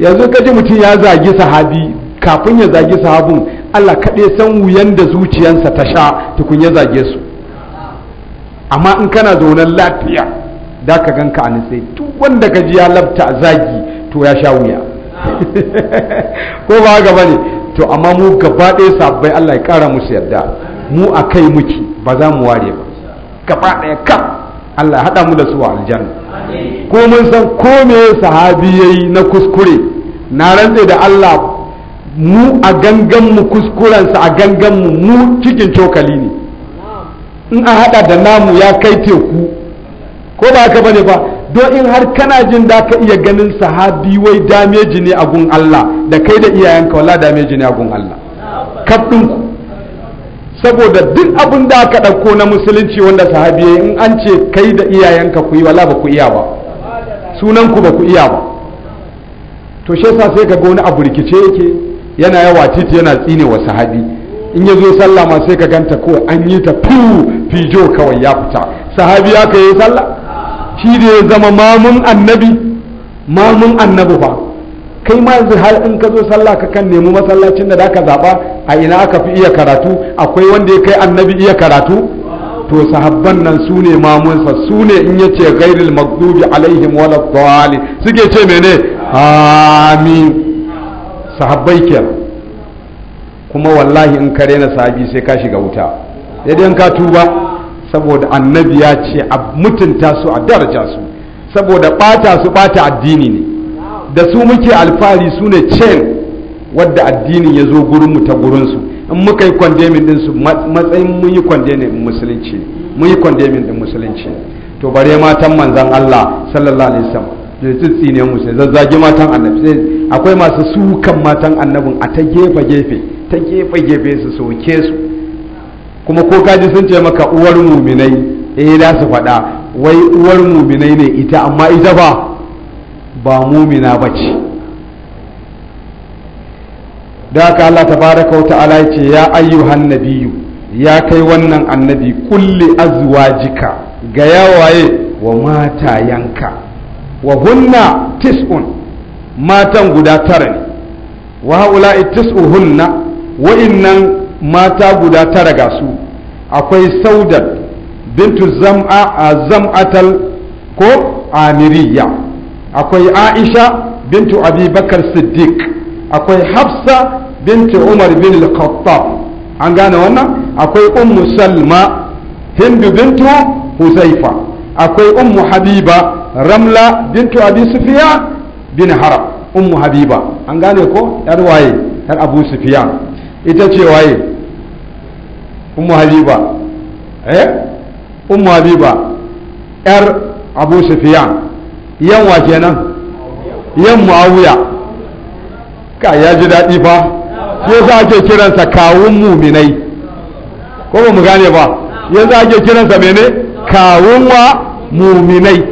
yanzu kaji mutum ya zagi sahabi kafin ya zagi sahabin Allah kaɗai san wuyan da zuciyarsa ta sha tukun ya zage su amma in kana zaunan lafiya da ka ganka a sai duk wanda ka ji ya labta a zagi to ya sha wuya ko ba ga bane to amma mu gaba ɗaya sabbai Allah ya ƙara musu yarda mu a kai muke ba za mu ware ba gaba ɗaya kam Allah ya haɗa mu da su a aljanna ko mun san ko me sahabi yayi na kuskure na rantse da Allah mu a gangan mu kuskurensa a gangan mu mu cikin cokali ne in an haɗa da namu ya kai teku ko ba haka bane ba don in har kana jin da ka iya ganin sahabi wai dameji ne a gun Allah da kai da iyayenka wala dameji ne a gun Allah kafin saboda duk abin da aka ɗauko na musulunci wanda sahabi in an ce kai da iyayenka ku yi wala ba ku iya ba sunan ku ba ku iya ba to shi yasa sai ka wani abu rikice yake yana yawa titi yana tsine wa sahabi in ya zo sallah ma sai ka ganta ko an yi ta fu fijo kawai ya fita sahabi ya kai sallah shi da ya zama mamun annabi mamun annabi fa kai ma yanzu har in ka zo sallah ka kan nemi masallacin da zaka zaba a ina aka fi iya karatu akwai wanda ya kai annabi iya karatu to sahabban nan su ne mamunsa su ne in ya ce gairil magdubi alaihim wala dhali suke ce mene amin sahabbai kenan kuma wallahi in ka rena sahabi sai ka shiga wuta dai ka tuba saboda annabi ya ce a mutunta su a daraja su saboda bata su bata addini ne da su muke alfahari su ne chain wadda addini ya zo gurinmu ta gurinsu in muka yi condemning din su matsayin mun yi condemning musulunci ne mun yi condemning din musulunci to bare matan manzan Allah sallallahu alaihi wasallam da tsitsi ne sai zazzage matan annabi sai akwai masu sukan matan annabin a ta gefe gefe ta gefe gefe su soke su kuma ko kaji sun ce maka uwar muminai eh da su faɗa wai uwar muminai ne ita amma ita ba ba mumina ba ce da haka Allah tabaraka wa ta'ala ya ce ya ayyuhan nabiyyu ya kai wannan annabi kulli azwajika ga yawaye wa mata yanka wa hunna tis'un matan guda tara ne wa haula haula'i wa wa'innan mata guda tara ga su akwai saudat bintu zam'a a zam'atal ko amiriya akwai aisha bintu abubakar siddiq akwai hafsa bintu umar bin al an gane wannan akwai ummu salma hindu bintu huzaifa akwai ummu habiba ramla bintu abi sufiya bin harab ummu habiba an gane ko yar waye yar abu sufiya ita ce waye umu habiba eh umu habiba yar abu sufiyan yanwa kenan yan muawiya ka ya ji daɗi fa shi za ake kiransa kawun muminai ko ba mu gane ba yanzu ake kiransa mene kawun wa muminai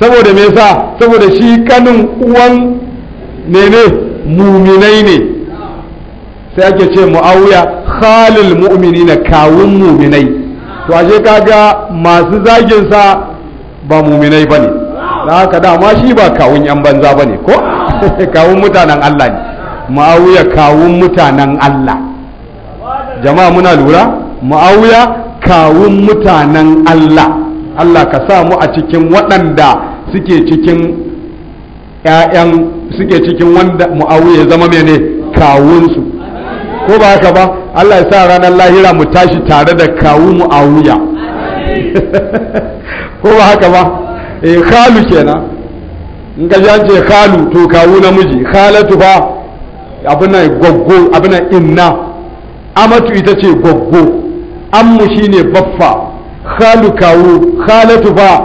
saboda me yasa saboda shi kanin uwan mene muminai ne sai ake ce mu'awiya khalil na kawun muminai to aje kaga masu zagin sa ba muminai bane da haka dama shi ba kawun yan banza bane ko kawun mutanen Allah ne mu'awiya kawun mutanen Allah jama'a muna lura mu'awiya kawun mutanen Allah Allah ka sa mu a cikin waɗanda suke cikin ƴaƴan suke cikin wanda mu'awiya zama mene kawunsu ko ba haka ba Allah ya sa ranar lahira mu tashi tare da kawu mu a wuya ko ba haka ba eh khalu kenan in ka ji an ce khalu to kawu namiji khalatu fa abin nan goggo abin nan inna amatu ita ce goggo ammu shine baffa khalu kawu khalatu fa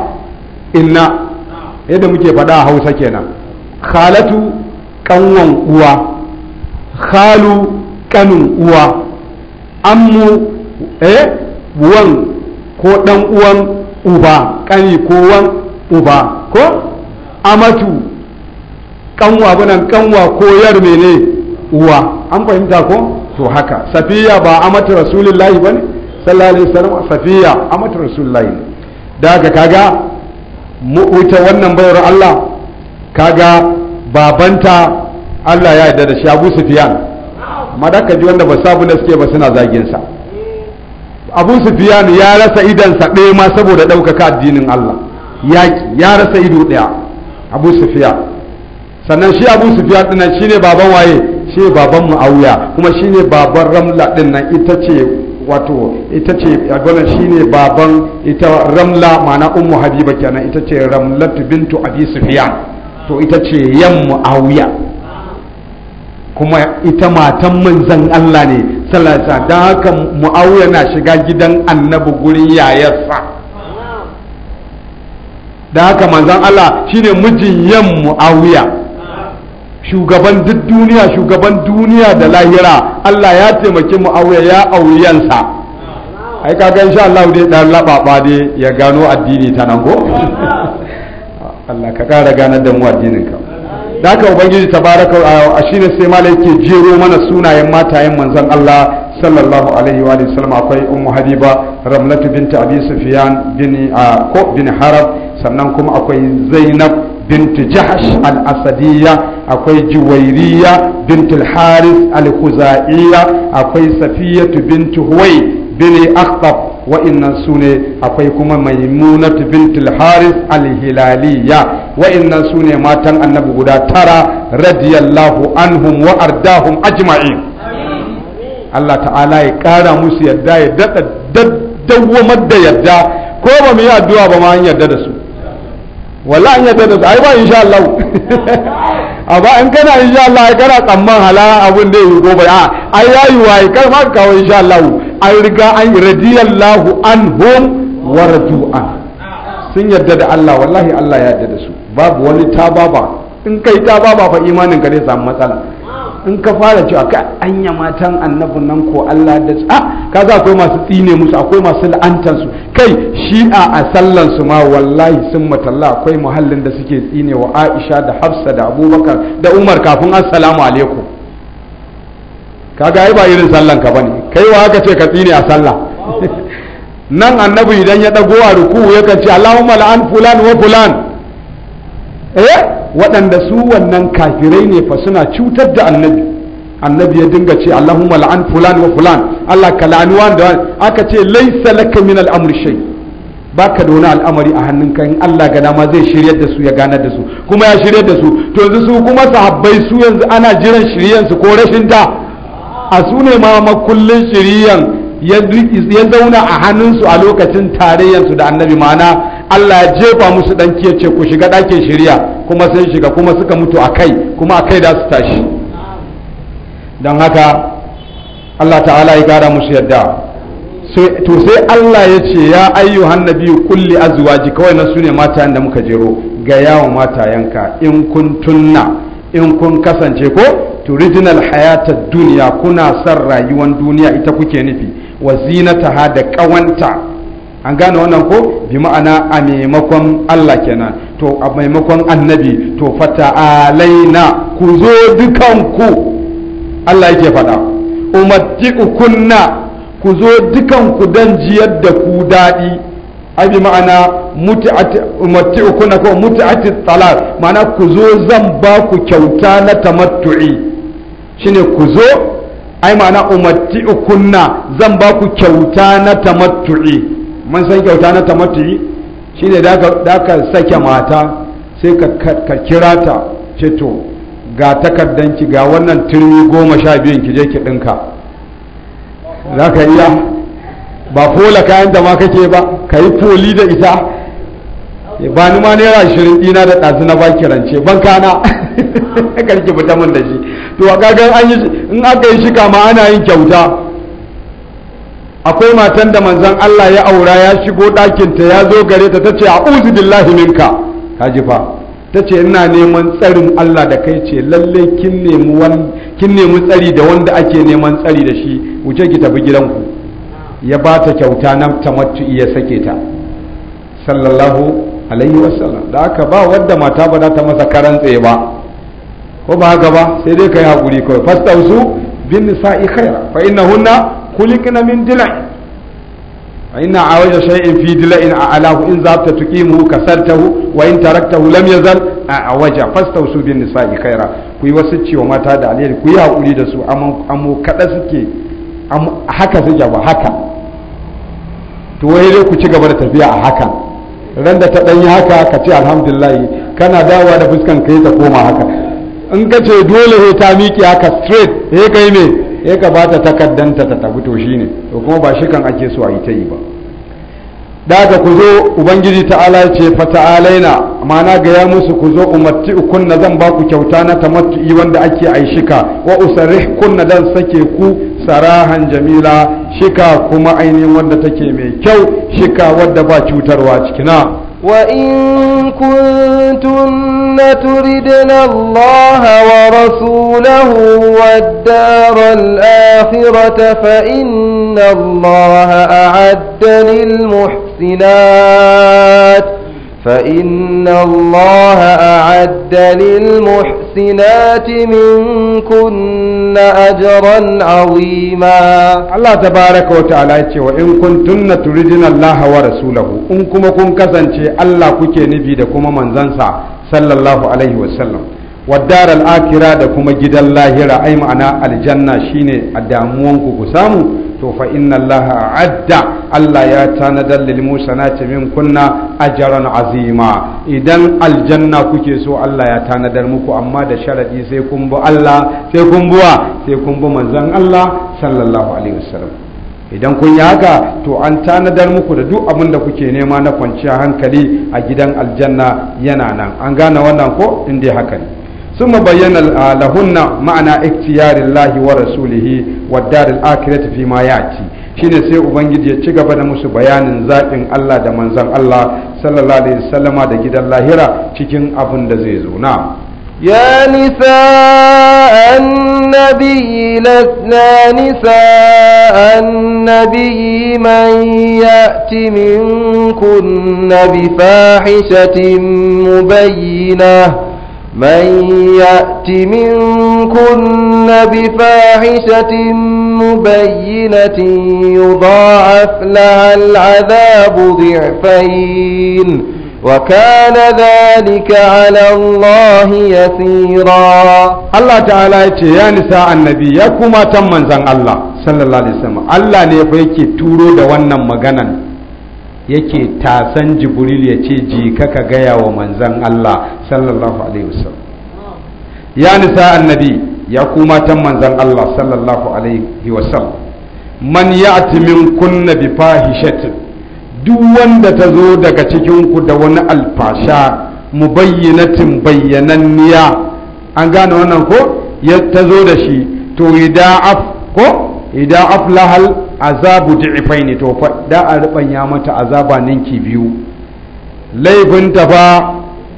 inna yadda muke faɗa a hausa kenan khalatu kanwan uwa khalu kanin uwa an mu eh wan ko dan uwan uba kani ko wan uba ko amatu kanwa bunan kanwa ko yar mene uwa an fahimta ko to haka safiya ba amatu rasulullahi bane sallallahu alaihi wasallam safiya amatu rasulullahi da kaga mu ita wannan bayar Allah kaga babanta Allah ya yarda da shi Abu Sufyan amma da ka ji wanda ba sabu da suke ba suna zagin sa abu sufiyan ya rasa sa ɗaya ma saboda ɗaukaka addinin allah yaƙi ya rasa ido ɗaya abu sufiyan sannan shi abu sufiyan shi shine baban waye shi baban mu'awiya kuma shine baban ramla ɗinnan ita ce wato ita ce shi shine baban ita ramla ma'ana ummu habiba kenan ita ce ramlatu bintu abi sufiyan to ita ce yan muawiya kuma ita matan manzan Allah ne sallallahu don haka mu'awiya na shiga gidan annabi gurin yayarsa da haka manzan Allah shine mijin yan mu'awiya shugaban duk duniya shugaban duniya da lahira Allah ya taimaki mu'awiya ya auyansa ai kaga insha Allah dai dan lababa dai ya gano addini ta nan ko Allah ka kara ganar da mu addinin ka da haka ubangiji tabaraka a shine sai mala yake jero mana sunayen matayen manzon Allah sallallahu alaihi wa sallam akwai ummu habiba ramlatu binta abi sufyan bin ko bin harab sannan kuma akwai zainab bint jahsh al-asadiyya akwai juwairiya bint al-haris al-khuzaiya akwai safiyatu bint huwai bin akhtab wa'annan su akwai kuma maimunatu bintul haris al-hilaliya wa'annan su ne matan annabi guda tara radiyallahu anhu wa ardahum ajma'in Allah ta'ala ya kara musu yadda ya dada dawwamar da yadda ko ba mu yi addu'a ba ma an yadda da su wallahi an yadda da su ai ba insha Allah amma in kana insha Allah kana tsamman halala abun da yi gobe a ai yayi wai kar ma wai insha Allah an riga an radiyallahu anhum wa sun yarda da Allah wallahi Allah ya yarda da su babu wani tababa in kai tababa fa imanin ka zai samu matsala in ka fara cewa ka anya matan annabin nan ko Allah da a za akwai masu tsine musu akwai masu la'antar su kai shi a sallan su ma wallahi sun matalla akwai muhallin da suke tsine wa Aisha da Hafsa da Abubakar da Umar kafin assalamu alaikum kaga ai ba irin sallan ka bane kai wa aka ce ka tsine a sallah nan annabi idan ya dago a ruku ya ce Allahumma la'an fulan wa fulan eh waɗanda su wannan kafirai ne fa suna cutar da annabi annabi ya dinga ce allahumma la'an fulan wa fulan allah ka la'ani wa da aka ce laisa laka min al'amr shay baka da al'amari a hannun ka in Allah ga dama zai shiryar da su ya ganar da su kuma ya shiryar da su to yanzu su kuma sahabbai su yanzu ana jiran shiryan su ko rashin ta a su ne ma makullin shiryan ya zauna a hannun su a lokacin su da annabi ma'ana Allah ya jefa musu ɗanki ya ce ku shiga ɗakin shirya kuma sun shiga kuma suka mutu a kai kuma a kai da su tashi don haka Allah ta'ala ya gara musu yadda to sai Allah ya ce ya ayyuhan nabiyu kulli azwaji kawai na sune mata da muka jero ga mata yanka in kun tunna in kun kasance ko turidinal hayatar duniya kuna son rayuwar duniya ita kuke nufi wa zinataha da ƙawanta an gane wannan ko bi ma'ana a maimakon Allah kenan to a maimakon annabi to fata alaina ku zo dukanku Allah yake faɗa kunna ku zo dukanku dan jiyar da ku daɗi a bi ma'ana kunna ko mutu'ati talak ma'ana ku zo zan ba ku kyauta na tamattu'i shine ku zo ai ma'ana kunna zan ba ku kyauta na tamattu'i man san kyauta na shi shine da ka sake mata sai ka kira ta ce to ga takardanki ga wannan turmi goma sha biyun ki je ki ɗinka za ka iya ba fola kayan da ma kake ba ka yi foli da ita eh, ba ni ma naira ashirin ɗina da ɗazu na baki rance ban kana karki fita min da shi to a an yi in aka yi shika ma ana yin kyauta akwai matan da manzan Allah ya aura ya shigo ɗakinta ya zo gare ta tace a'udhu billahi minka ji fa ce ina neman tsarin Allah da kai ce lalle kin nemi tsari da wanda ake neman tsari da shi wuce ki tafi gidanku ya ba ta kyauta na tamattu iya sake ta sallallahu alaihi wasallam da aka ba wadda mata ba za ta masa karan tsaye ba ko ba haka ba sai dai ka yi hakuri kawai fastausu bin nisa'i khaira fa innahunna خلقنا من دلع فإن عوج شيء في دلع أعلاه إن ذهبت تقيمه كسرته وإن تركته لم يزل أعوج فاستوصوا بالنساء خيرا كي وسكي وما تاد عليه كي هؤلاء دسو أمو كذا أمو حكا haka حكا ba haka to wai ku ci gaba da tafiya a hakan ran da ta ɗanyi haka ka ce alhamdulillah kana dawowa da fuskan kai ta koma haka in ka ce dole sai ta miƙe haka straight sai kai ne ya gabata takaddanta ta tafi to shine to kuma ba shi kan ake so a yi ta yi ba daga ku zo ubangiji ta'ala ce fata'alaina ma'ana ga gaya musu ku zo umarti kunna zan ba ku kyauta na ta tamattu'i wanda ake aishika wa usarrih kunna dan sake ku sarahan jamila shika kuma ainihin wanda take mai kyau shika wadda ba cutarwa cikina وإن كنتن تردن الله ورسوله والدار الآخرة فإن الله أعد للمحسنات فإن الله أعد للمحسنات منكن أجرا عظيما الله تبارك وتعالى وإن كنتن تريدن الله ورسوله إن كما كن كسنتي الله كوكي نبي دكما من زنسا صلى الله عليه وسلم والدار الآخرة دكما جد الله رأي معنا الجنة شيني أدامون كوكو سامو to fa inna allaha adda Allah ya tanadar lil musanati min kunna ajaran azima idan aljanna kuke so Allah ya tanadar muku amma da sharadi sai kun bi Allah sai kun buwa sai kun bi manzon Allah sallallahu alaihi wasallam idan kun yi haka to an tanadar muku da duk abin da kuke nema na kwanciyar hankali a gidan aljanna yana nan an gane wannan ko inda haka ne ثم بين لهن معنى اختيار الله ورسوله والدار الآخرة فيما يأتي shine sai ubangiji ya ci gaba da musu bayanin zaɓin Allah da manzon Allah sallallahu alaihi wasallama da gidan lahira cikin abin da zai zo na ya nisa annabi lasna nisa annabi man ya'ti fahishatin mubayyinah من يأت منكن بفاحشة مبينة يضاعف لها العذاب ضعفين وكان ذلك على الله يسيرا الله تعالى يا نساء النبي يا كما تم الله صلى الله عليه وسلم الله ne fa yake turo da wannan maganan yake tasan jibril ya ce ji kaka gaya wa manzan Allah sallallahu alaihi wasallam ya nisa annabi ya kuma tan manzan Allah sallallahu alaihi wasallam man ya'ti min kunna bi fahishatin duk wanda ta zo daga cikin ku da wani alfasha mubayyinatin bayyananniya an gane wannan ko ya ta zo da shi to af ko ida aflahal azabu du'ifai ne to da a ribanya mata azaba ninki biyu laifinta fa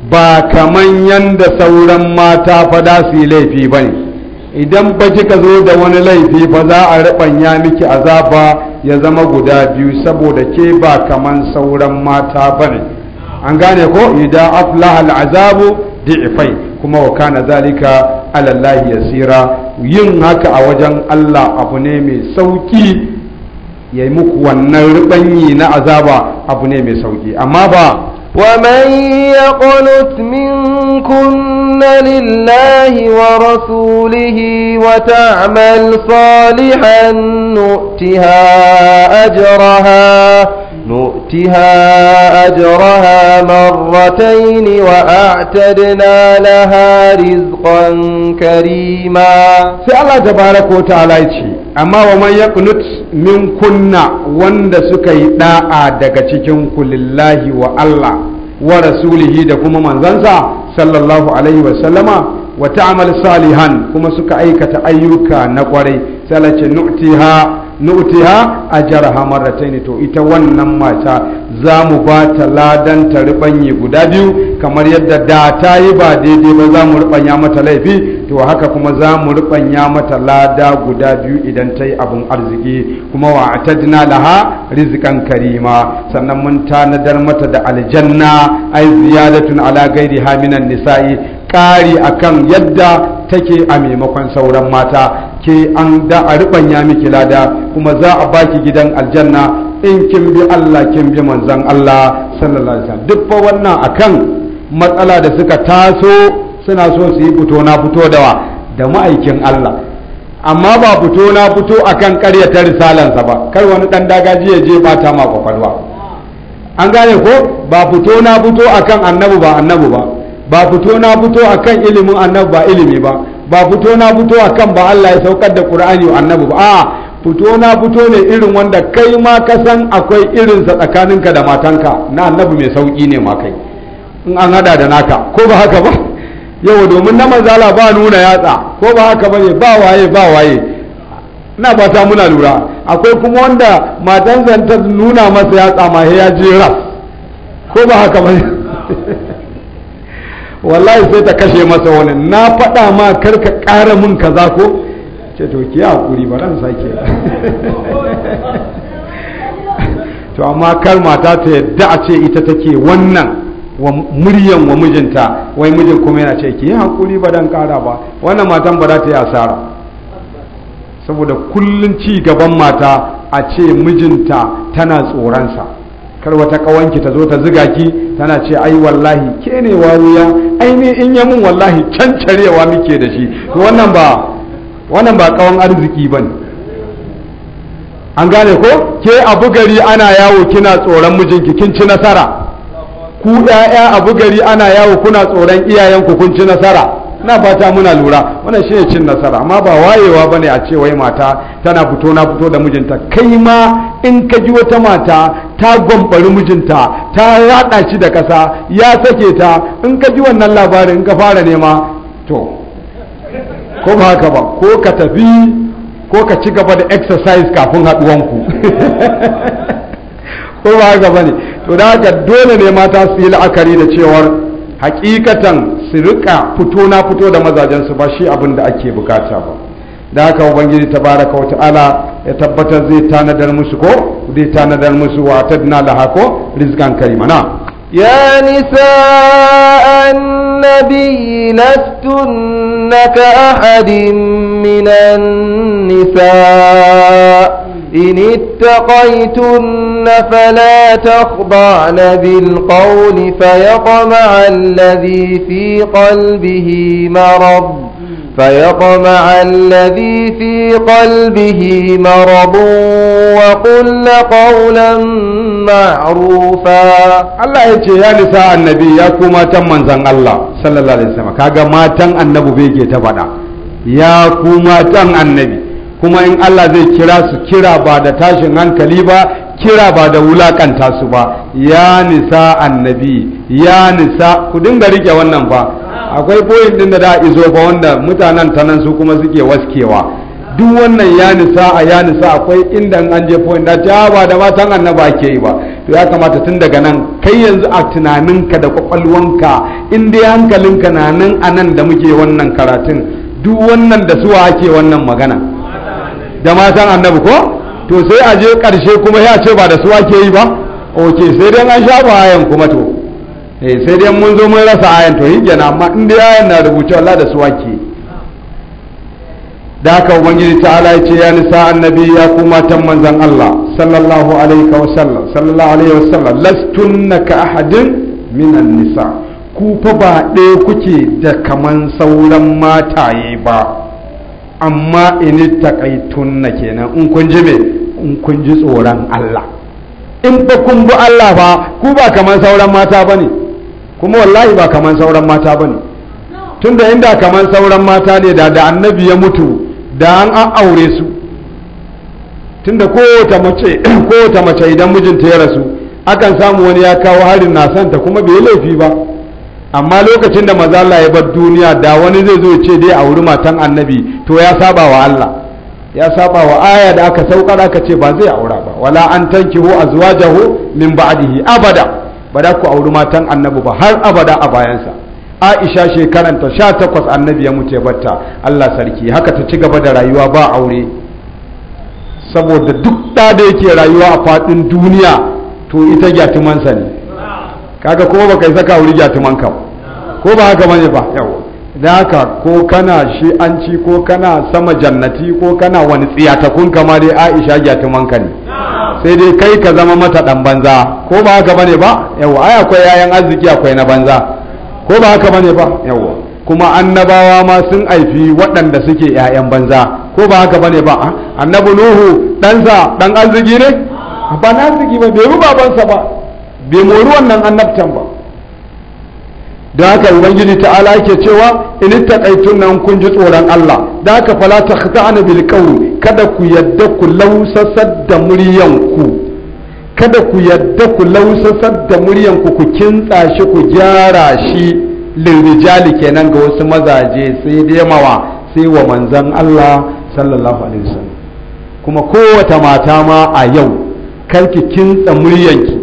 ba kaman yanda sauran mata fa da su yi laifi ba ne idan ba kika zo da wani laifi fa za a ribanya miki azaba ya zama guda biyu saboda ke ba kaman sauran mata ba ne an gane ko ida aflahal azabu du'ifai kuma wa kana zalika alallahi yasira yin haka a wajen Allah abu ne mai sauƙi ya yi muku wannan rubanyi na azaba abu ne mai sauƙi. amma ba ومن يقنت منكن لله ورسوله وتعمل صالحا نؤتها أجرها نؤتها أجرها مرتين وأعتدنا لها رزقا كريما سي الله تبارك وتعالى يتي أما ومن يقنط من كنا وند سكي داعا دك تجنك لله والله ورسوله دكما من زنسا صلى الله عليه وسلم وتعمل صالحا كما سكي أيكة أيوكا نقري سألة نؤتها nu'tiha ajraha marratayn to ita wannan mata za mu ba ta ladan ta ribanye guda biyu kamar yadda da ta yi ba daidai ba za mu ribanya mata laifi to haka kuma za mu ribanya mata lada guda biyu idan ta yi abin arziki kuma wa a da laha rizikan karima sannan mun tanadar mata da aljanna ai ziyadatun ala gairi nisa'i kari akan yadda take a maimakon sauran mata ke an da a ya miki lada kuma za a baki gidan aljanna in kin bi Allah kin bi manzon Allah sallallahu alaihi wasallam duk fa wannan akan matsala da suka taso suna so su yi fito na fito dawa da ma'aikin Allah amma ba fito na fito akan ta risalansa ba kar wani dan dagaji ya je bata ma kwakwalwa an gane ko ba fito na fito akan annabi ba annabi ba ba fito na fito akan ilimin annabi ba ilimi ba ba fito na fito a kan ba Allah ya saukar da Qur'ani wa annabi ba a fito na fito ne irin wanda kai ma ka san akwai irin sa tsakaninka da matanka na annabi mai sauki ne ma kai in an hada da naka ko ba haka ba yau domin na manzala ba nuna yatsa ko ba haka bane ba waye ba waye na ba ta muna lura akwai kuma wanda matan zanta nuna masa yatsa ma ya je ras ko ba haka bane wallahi sai ta kashe masa wani na faɗa ma karka ƙara mun kaza ko ce to ki hakuri ba ran sake to amma kar mata ta yadda a ce ita take wannan wa muryan wa mijinta wai mijin kuma yana ce ki hakuri ba dan ƙara ba wannan matan ba za ta yi asara saboda kullun ci gaban mata a ce mijinta tana tsoronsa kar wata kawanki ta zo ta ziga ki tana ce ai wallahi ke ne wawuya ai ni in ya mun wallahi cancarewa muke da shi to wannan ba wannan ba kawan arziki bane an gane ko ke abu gari ana yawo kina tsoron mijinki kin ci nasara ku ɗaya abu gari ana yawo kuna tsoron iyayenku kun ci nasara na fata muna lura wannan shine cin nasara amma ba wayewa bane a ce wai mata tana fito na fito da mijinta kai ma in ka ji wata mata ta gwambari mijinta ta yada shi da ƙasa ya sake ta in ka ji wannan labarin in ka fara nema to ko ba haka ba ko ka tafi ko ka ci gaba da exercise kafin haɗuwanku ko ba haka ba ne to da haka dole ne mata su yi la'akari da cewar hakikatan su rika fito na fito da mazajen su ba shi abin da ake bukata ba da haka ubangiji tabaraka wa ta'ala ya tabbatar zai tanadar musu ko zai tanadar musu wa tadna laha ko rizqan karima na ya nisa annabi lastunna ka ahadin minan nisa إن اتقيتن فلا تخضعن بالقول فيطمع الذي في قلبه مرض فيطمع الذي في قلبه مرض وقل قولا معروفا الله يجي يا نساء النبي يا كما تم منزن الله صلى الله عليه وسلم كاغا ما تن النبي بيجي تفدا يا كما تن النبي كما ان الله زي kira سو kira ba da tashin hankali ba kira ba da wulakanta su ba ya nisa annabi ya nisa ku dinga wannan ba akwai koyin din da da izo fa wanda mutanen ta su kuma suke waskewa duk wannan ya nisa a ya nisa akwai inda an je koyin da ta ba da matan annaba ke yi ba to ya kamata tun daga nan kai yanzu a tunaninka da kwakwalwanka in dai hankalinka na nan a nan da muke wannan karatun duk wannan da suwa ake wannan magana da matan annabi ko to sai a je ƙarshe kuma ya ce ba da suwa ke yi ba ok sai dai an sha bayan kuma to eh sai dai mun zo mun rasa ayan to yi kenan amma in dai ayan na rubuce Allah da su wake da haka ubangiji ta'ala ya ce ya nisa annabi ya kuma tan manzan Allah sallallahu alaihi wa sallam sallallahu alaihi wa sallam lastunna ka ahadin minan nisa ku fa ba ɗaya kuke da kaman sauran mataye ba amma in takaitunna kenan in kun ji me in kun ji tsoron Allah in ba kun bi Allah ba ku ba kaman sauran mata ba ne kuma wallahi ba kaman sauran mata ba ne tunda inda kaman sauran mata ne da da annabi ya mutu da an an aure su tunda kowace mace mace idan mijinta ya rasu akan samu wani ya kawo harin na santa kuma bai laifi ba amma lokacin da maza Allah ya bar duniya da wani zai zo ce dai auri matan annabi to ya saba wa Allah ya saba wa aya da aka saukar aka ce ba zai aura ba wala an tankihu azwajahu min ba'dihi abada ba da ku auri matan annabi ba har abada a bayansa aisha shekaranta sha takwas annabi ya mutu ya batta allah sarki haka ta ci gaba da rayuwa ba aure saboda duk da da yake rayuwa a faɗin duniya to ita gyatumansa ne kaga ko baka kai ka auri gyatuman ka ko ba haka bane ba yau da haka ko kana shi ko kana sama jannati ko kana wani tsiyatakun kama dai aisha gyatuman ka ne sai dai kai ka zama mata dan banza ko ba haka bane ba yawa ai akwai yayan arziki akwai na banza ko ba haka bane ba yawa kuma annabawa ma sun aifi waɗanda suke yayan banza ko ba haka bane ba annabi nuhu ɗansa ɗan arziki ne ba na arziki ba bai bi babansa ba bai mori wannan annabtan ba da haka ubangiji ta'ala yake cewa in taqaitun nan kun ji tsoron Allah da haka fala takhta'na bil qawl kada ku yadda ku lausasar da muryanku kada ku yadda ku lausasar da muryanku ku kintsa shi ku gyara shi lirijali kenan ga wasu mazaje sai dai mawa sai wa manzan Allah sallallahu alaihi wasallam kuma kowace mata ma a yau karki kintsa muryanki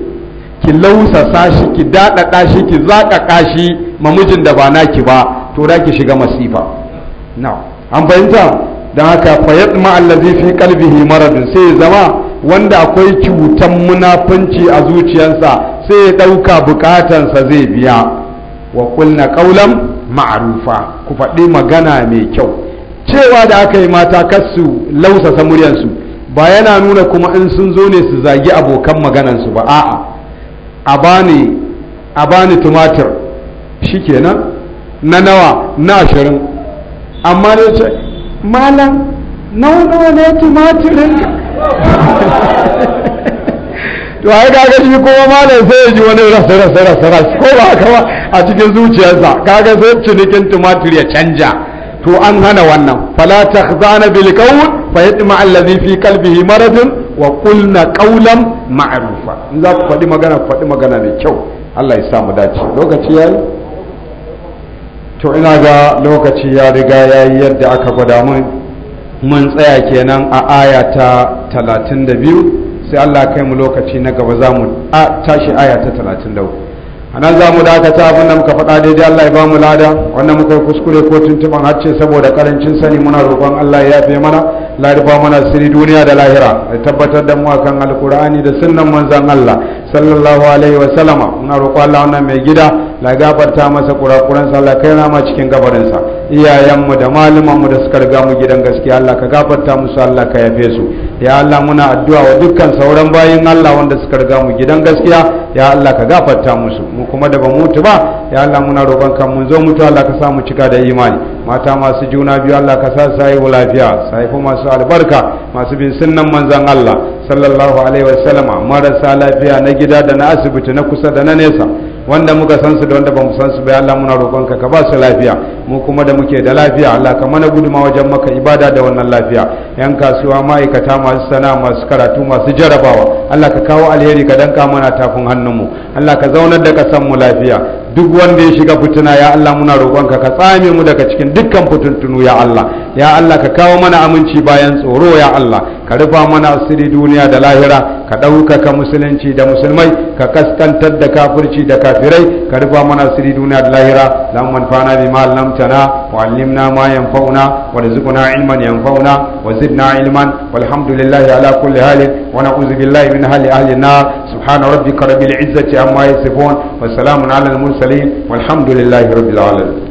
ki lausasa shi ki daɗaɗa shi ki zaƙaƙa shi mamijin da ba naki ba to da ki shiga masifa na'am an fahimta don haka fayyad ma'allazi fi kalbihi maradin sai zama wanda akwai cutan munafunci a zuciyarsa sai ya ɗauka bukatansa zai biya wa kulna ƙaulan ma'arufa ku faɗi magana mai kyau cewa da aka yi mata kasu lausasa muryansu ba yana nuna kuma in sun zo ne su zagi abokan maganansu ba a'a a bani tumatir shikenan na nawa na ashirin amma ne malam nawa ne tumatirin to ai kaga shi kuma malam sai ya ji wani rasa rasa rasa rasa ko ba haka ba a cikin zuciyarsa kaga sai cinikin tumatir ya canja to an hana wannan fala takhzana bil qawl fa yatma allazi fi qalbihi maradun wa qulna qawlan ma'rufa in za ku faɗi magana ku faɗi magana mai kyau Allah ya sa mu dace lokaci yayi to ina ga lokaci ya riga ya yi yadda aka gwada mun mun tsaya kenan a aya ta 32 sai Allah kai mu lokaci na gaba za mu tashi aya ta 33 a nan za mu dakata abin da muka faɗa daidai Allah ya ba mu lada wannan muka kuskure ko tuntuɓan harce saboda karancin sani muna roƙon Allah ya fi mana larifa mana siri duniya da lahira a tabbatar da mu akan alkur'ani da sunnan manzan Allah sallallahu alaihi wa sallama muna roƙon Allah wannan mai gida la gafarta masa kurakuran sa Allah kai rama cikin gabarinsa iyayenmu da malumanmu da suka riga mu gidan gaskiya Allah ka gafarta musu Allah ka yafe su ya Allah muna addu'a wa dukkan sauran bayin Allah wanda suka riga mu gidan gaskiya ya Allah ka gafarta musu mu kuma da ba mutu ba ya Allah muna roƙon kan mun zo mutu Allah ka sa mu cika da imani mata masu juna biyu Allah ka sa sai haihu lafiya sai kuma masu albarka masu bin sunnan manzon Allah sallallahu alaihi wasallama marasa lafiya na gida da na asibiti na kusa da na nesa wanda muka san su da wanda bamu san su ba Allah muna roƙonka ka ba su lafiya mu kuma da muke da lafiya Allah ka mana guduma wajen maka ibada da wannan lafiya yan kasuwa ma'aikata masu sana'a masu karatu masu jarabawa Allah ka kawo alheri ka danka mana tafin hannunmu Allah ka zaunar da kasan mu lafiya duk wanda ya shiga fitina ya Allah muna roƙonka ka tsame mu daga cikin dukkan fituntunu ya Allah ya Allah ka kawo mana aminci bayan tsoro ya Allah ka rufa mana asiri duniya da lahira ka ɗaukaka musulunci da musulmai ka kaskantar da kafirci da kafirai ka rufa mana asiri duniya da lahira lam manfa'na bima allamtana wa 'allimna ma yanfa'una warzuqna ilman yanfa'una wa zidna ilman walhamdulillahi ala kulli halin wa na'udzu billahi min hali ahli an-nar subhana rabbika rabbil izzati amma yasifun wa salamun ala mursalin المرسلين والحمد لله رب العالمين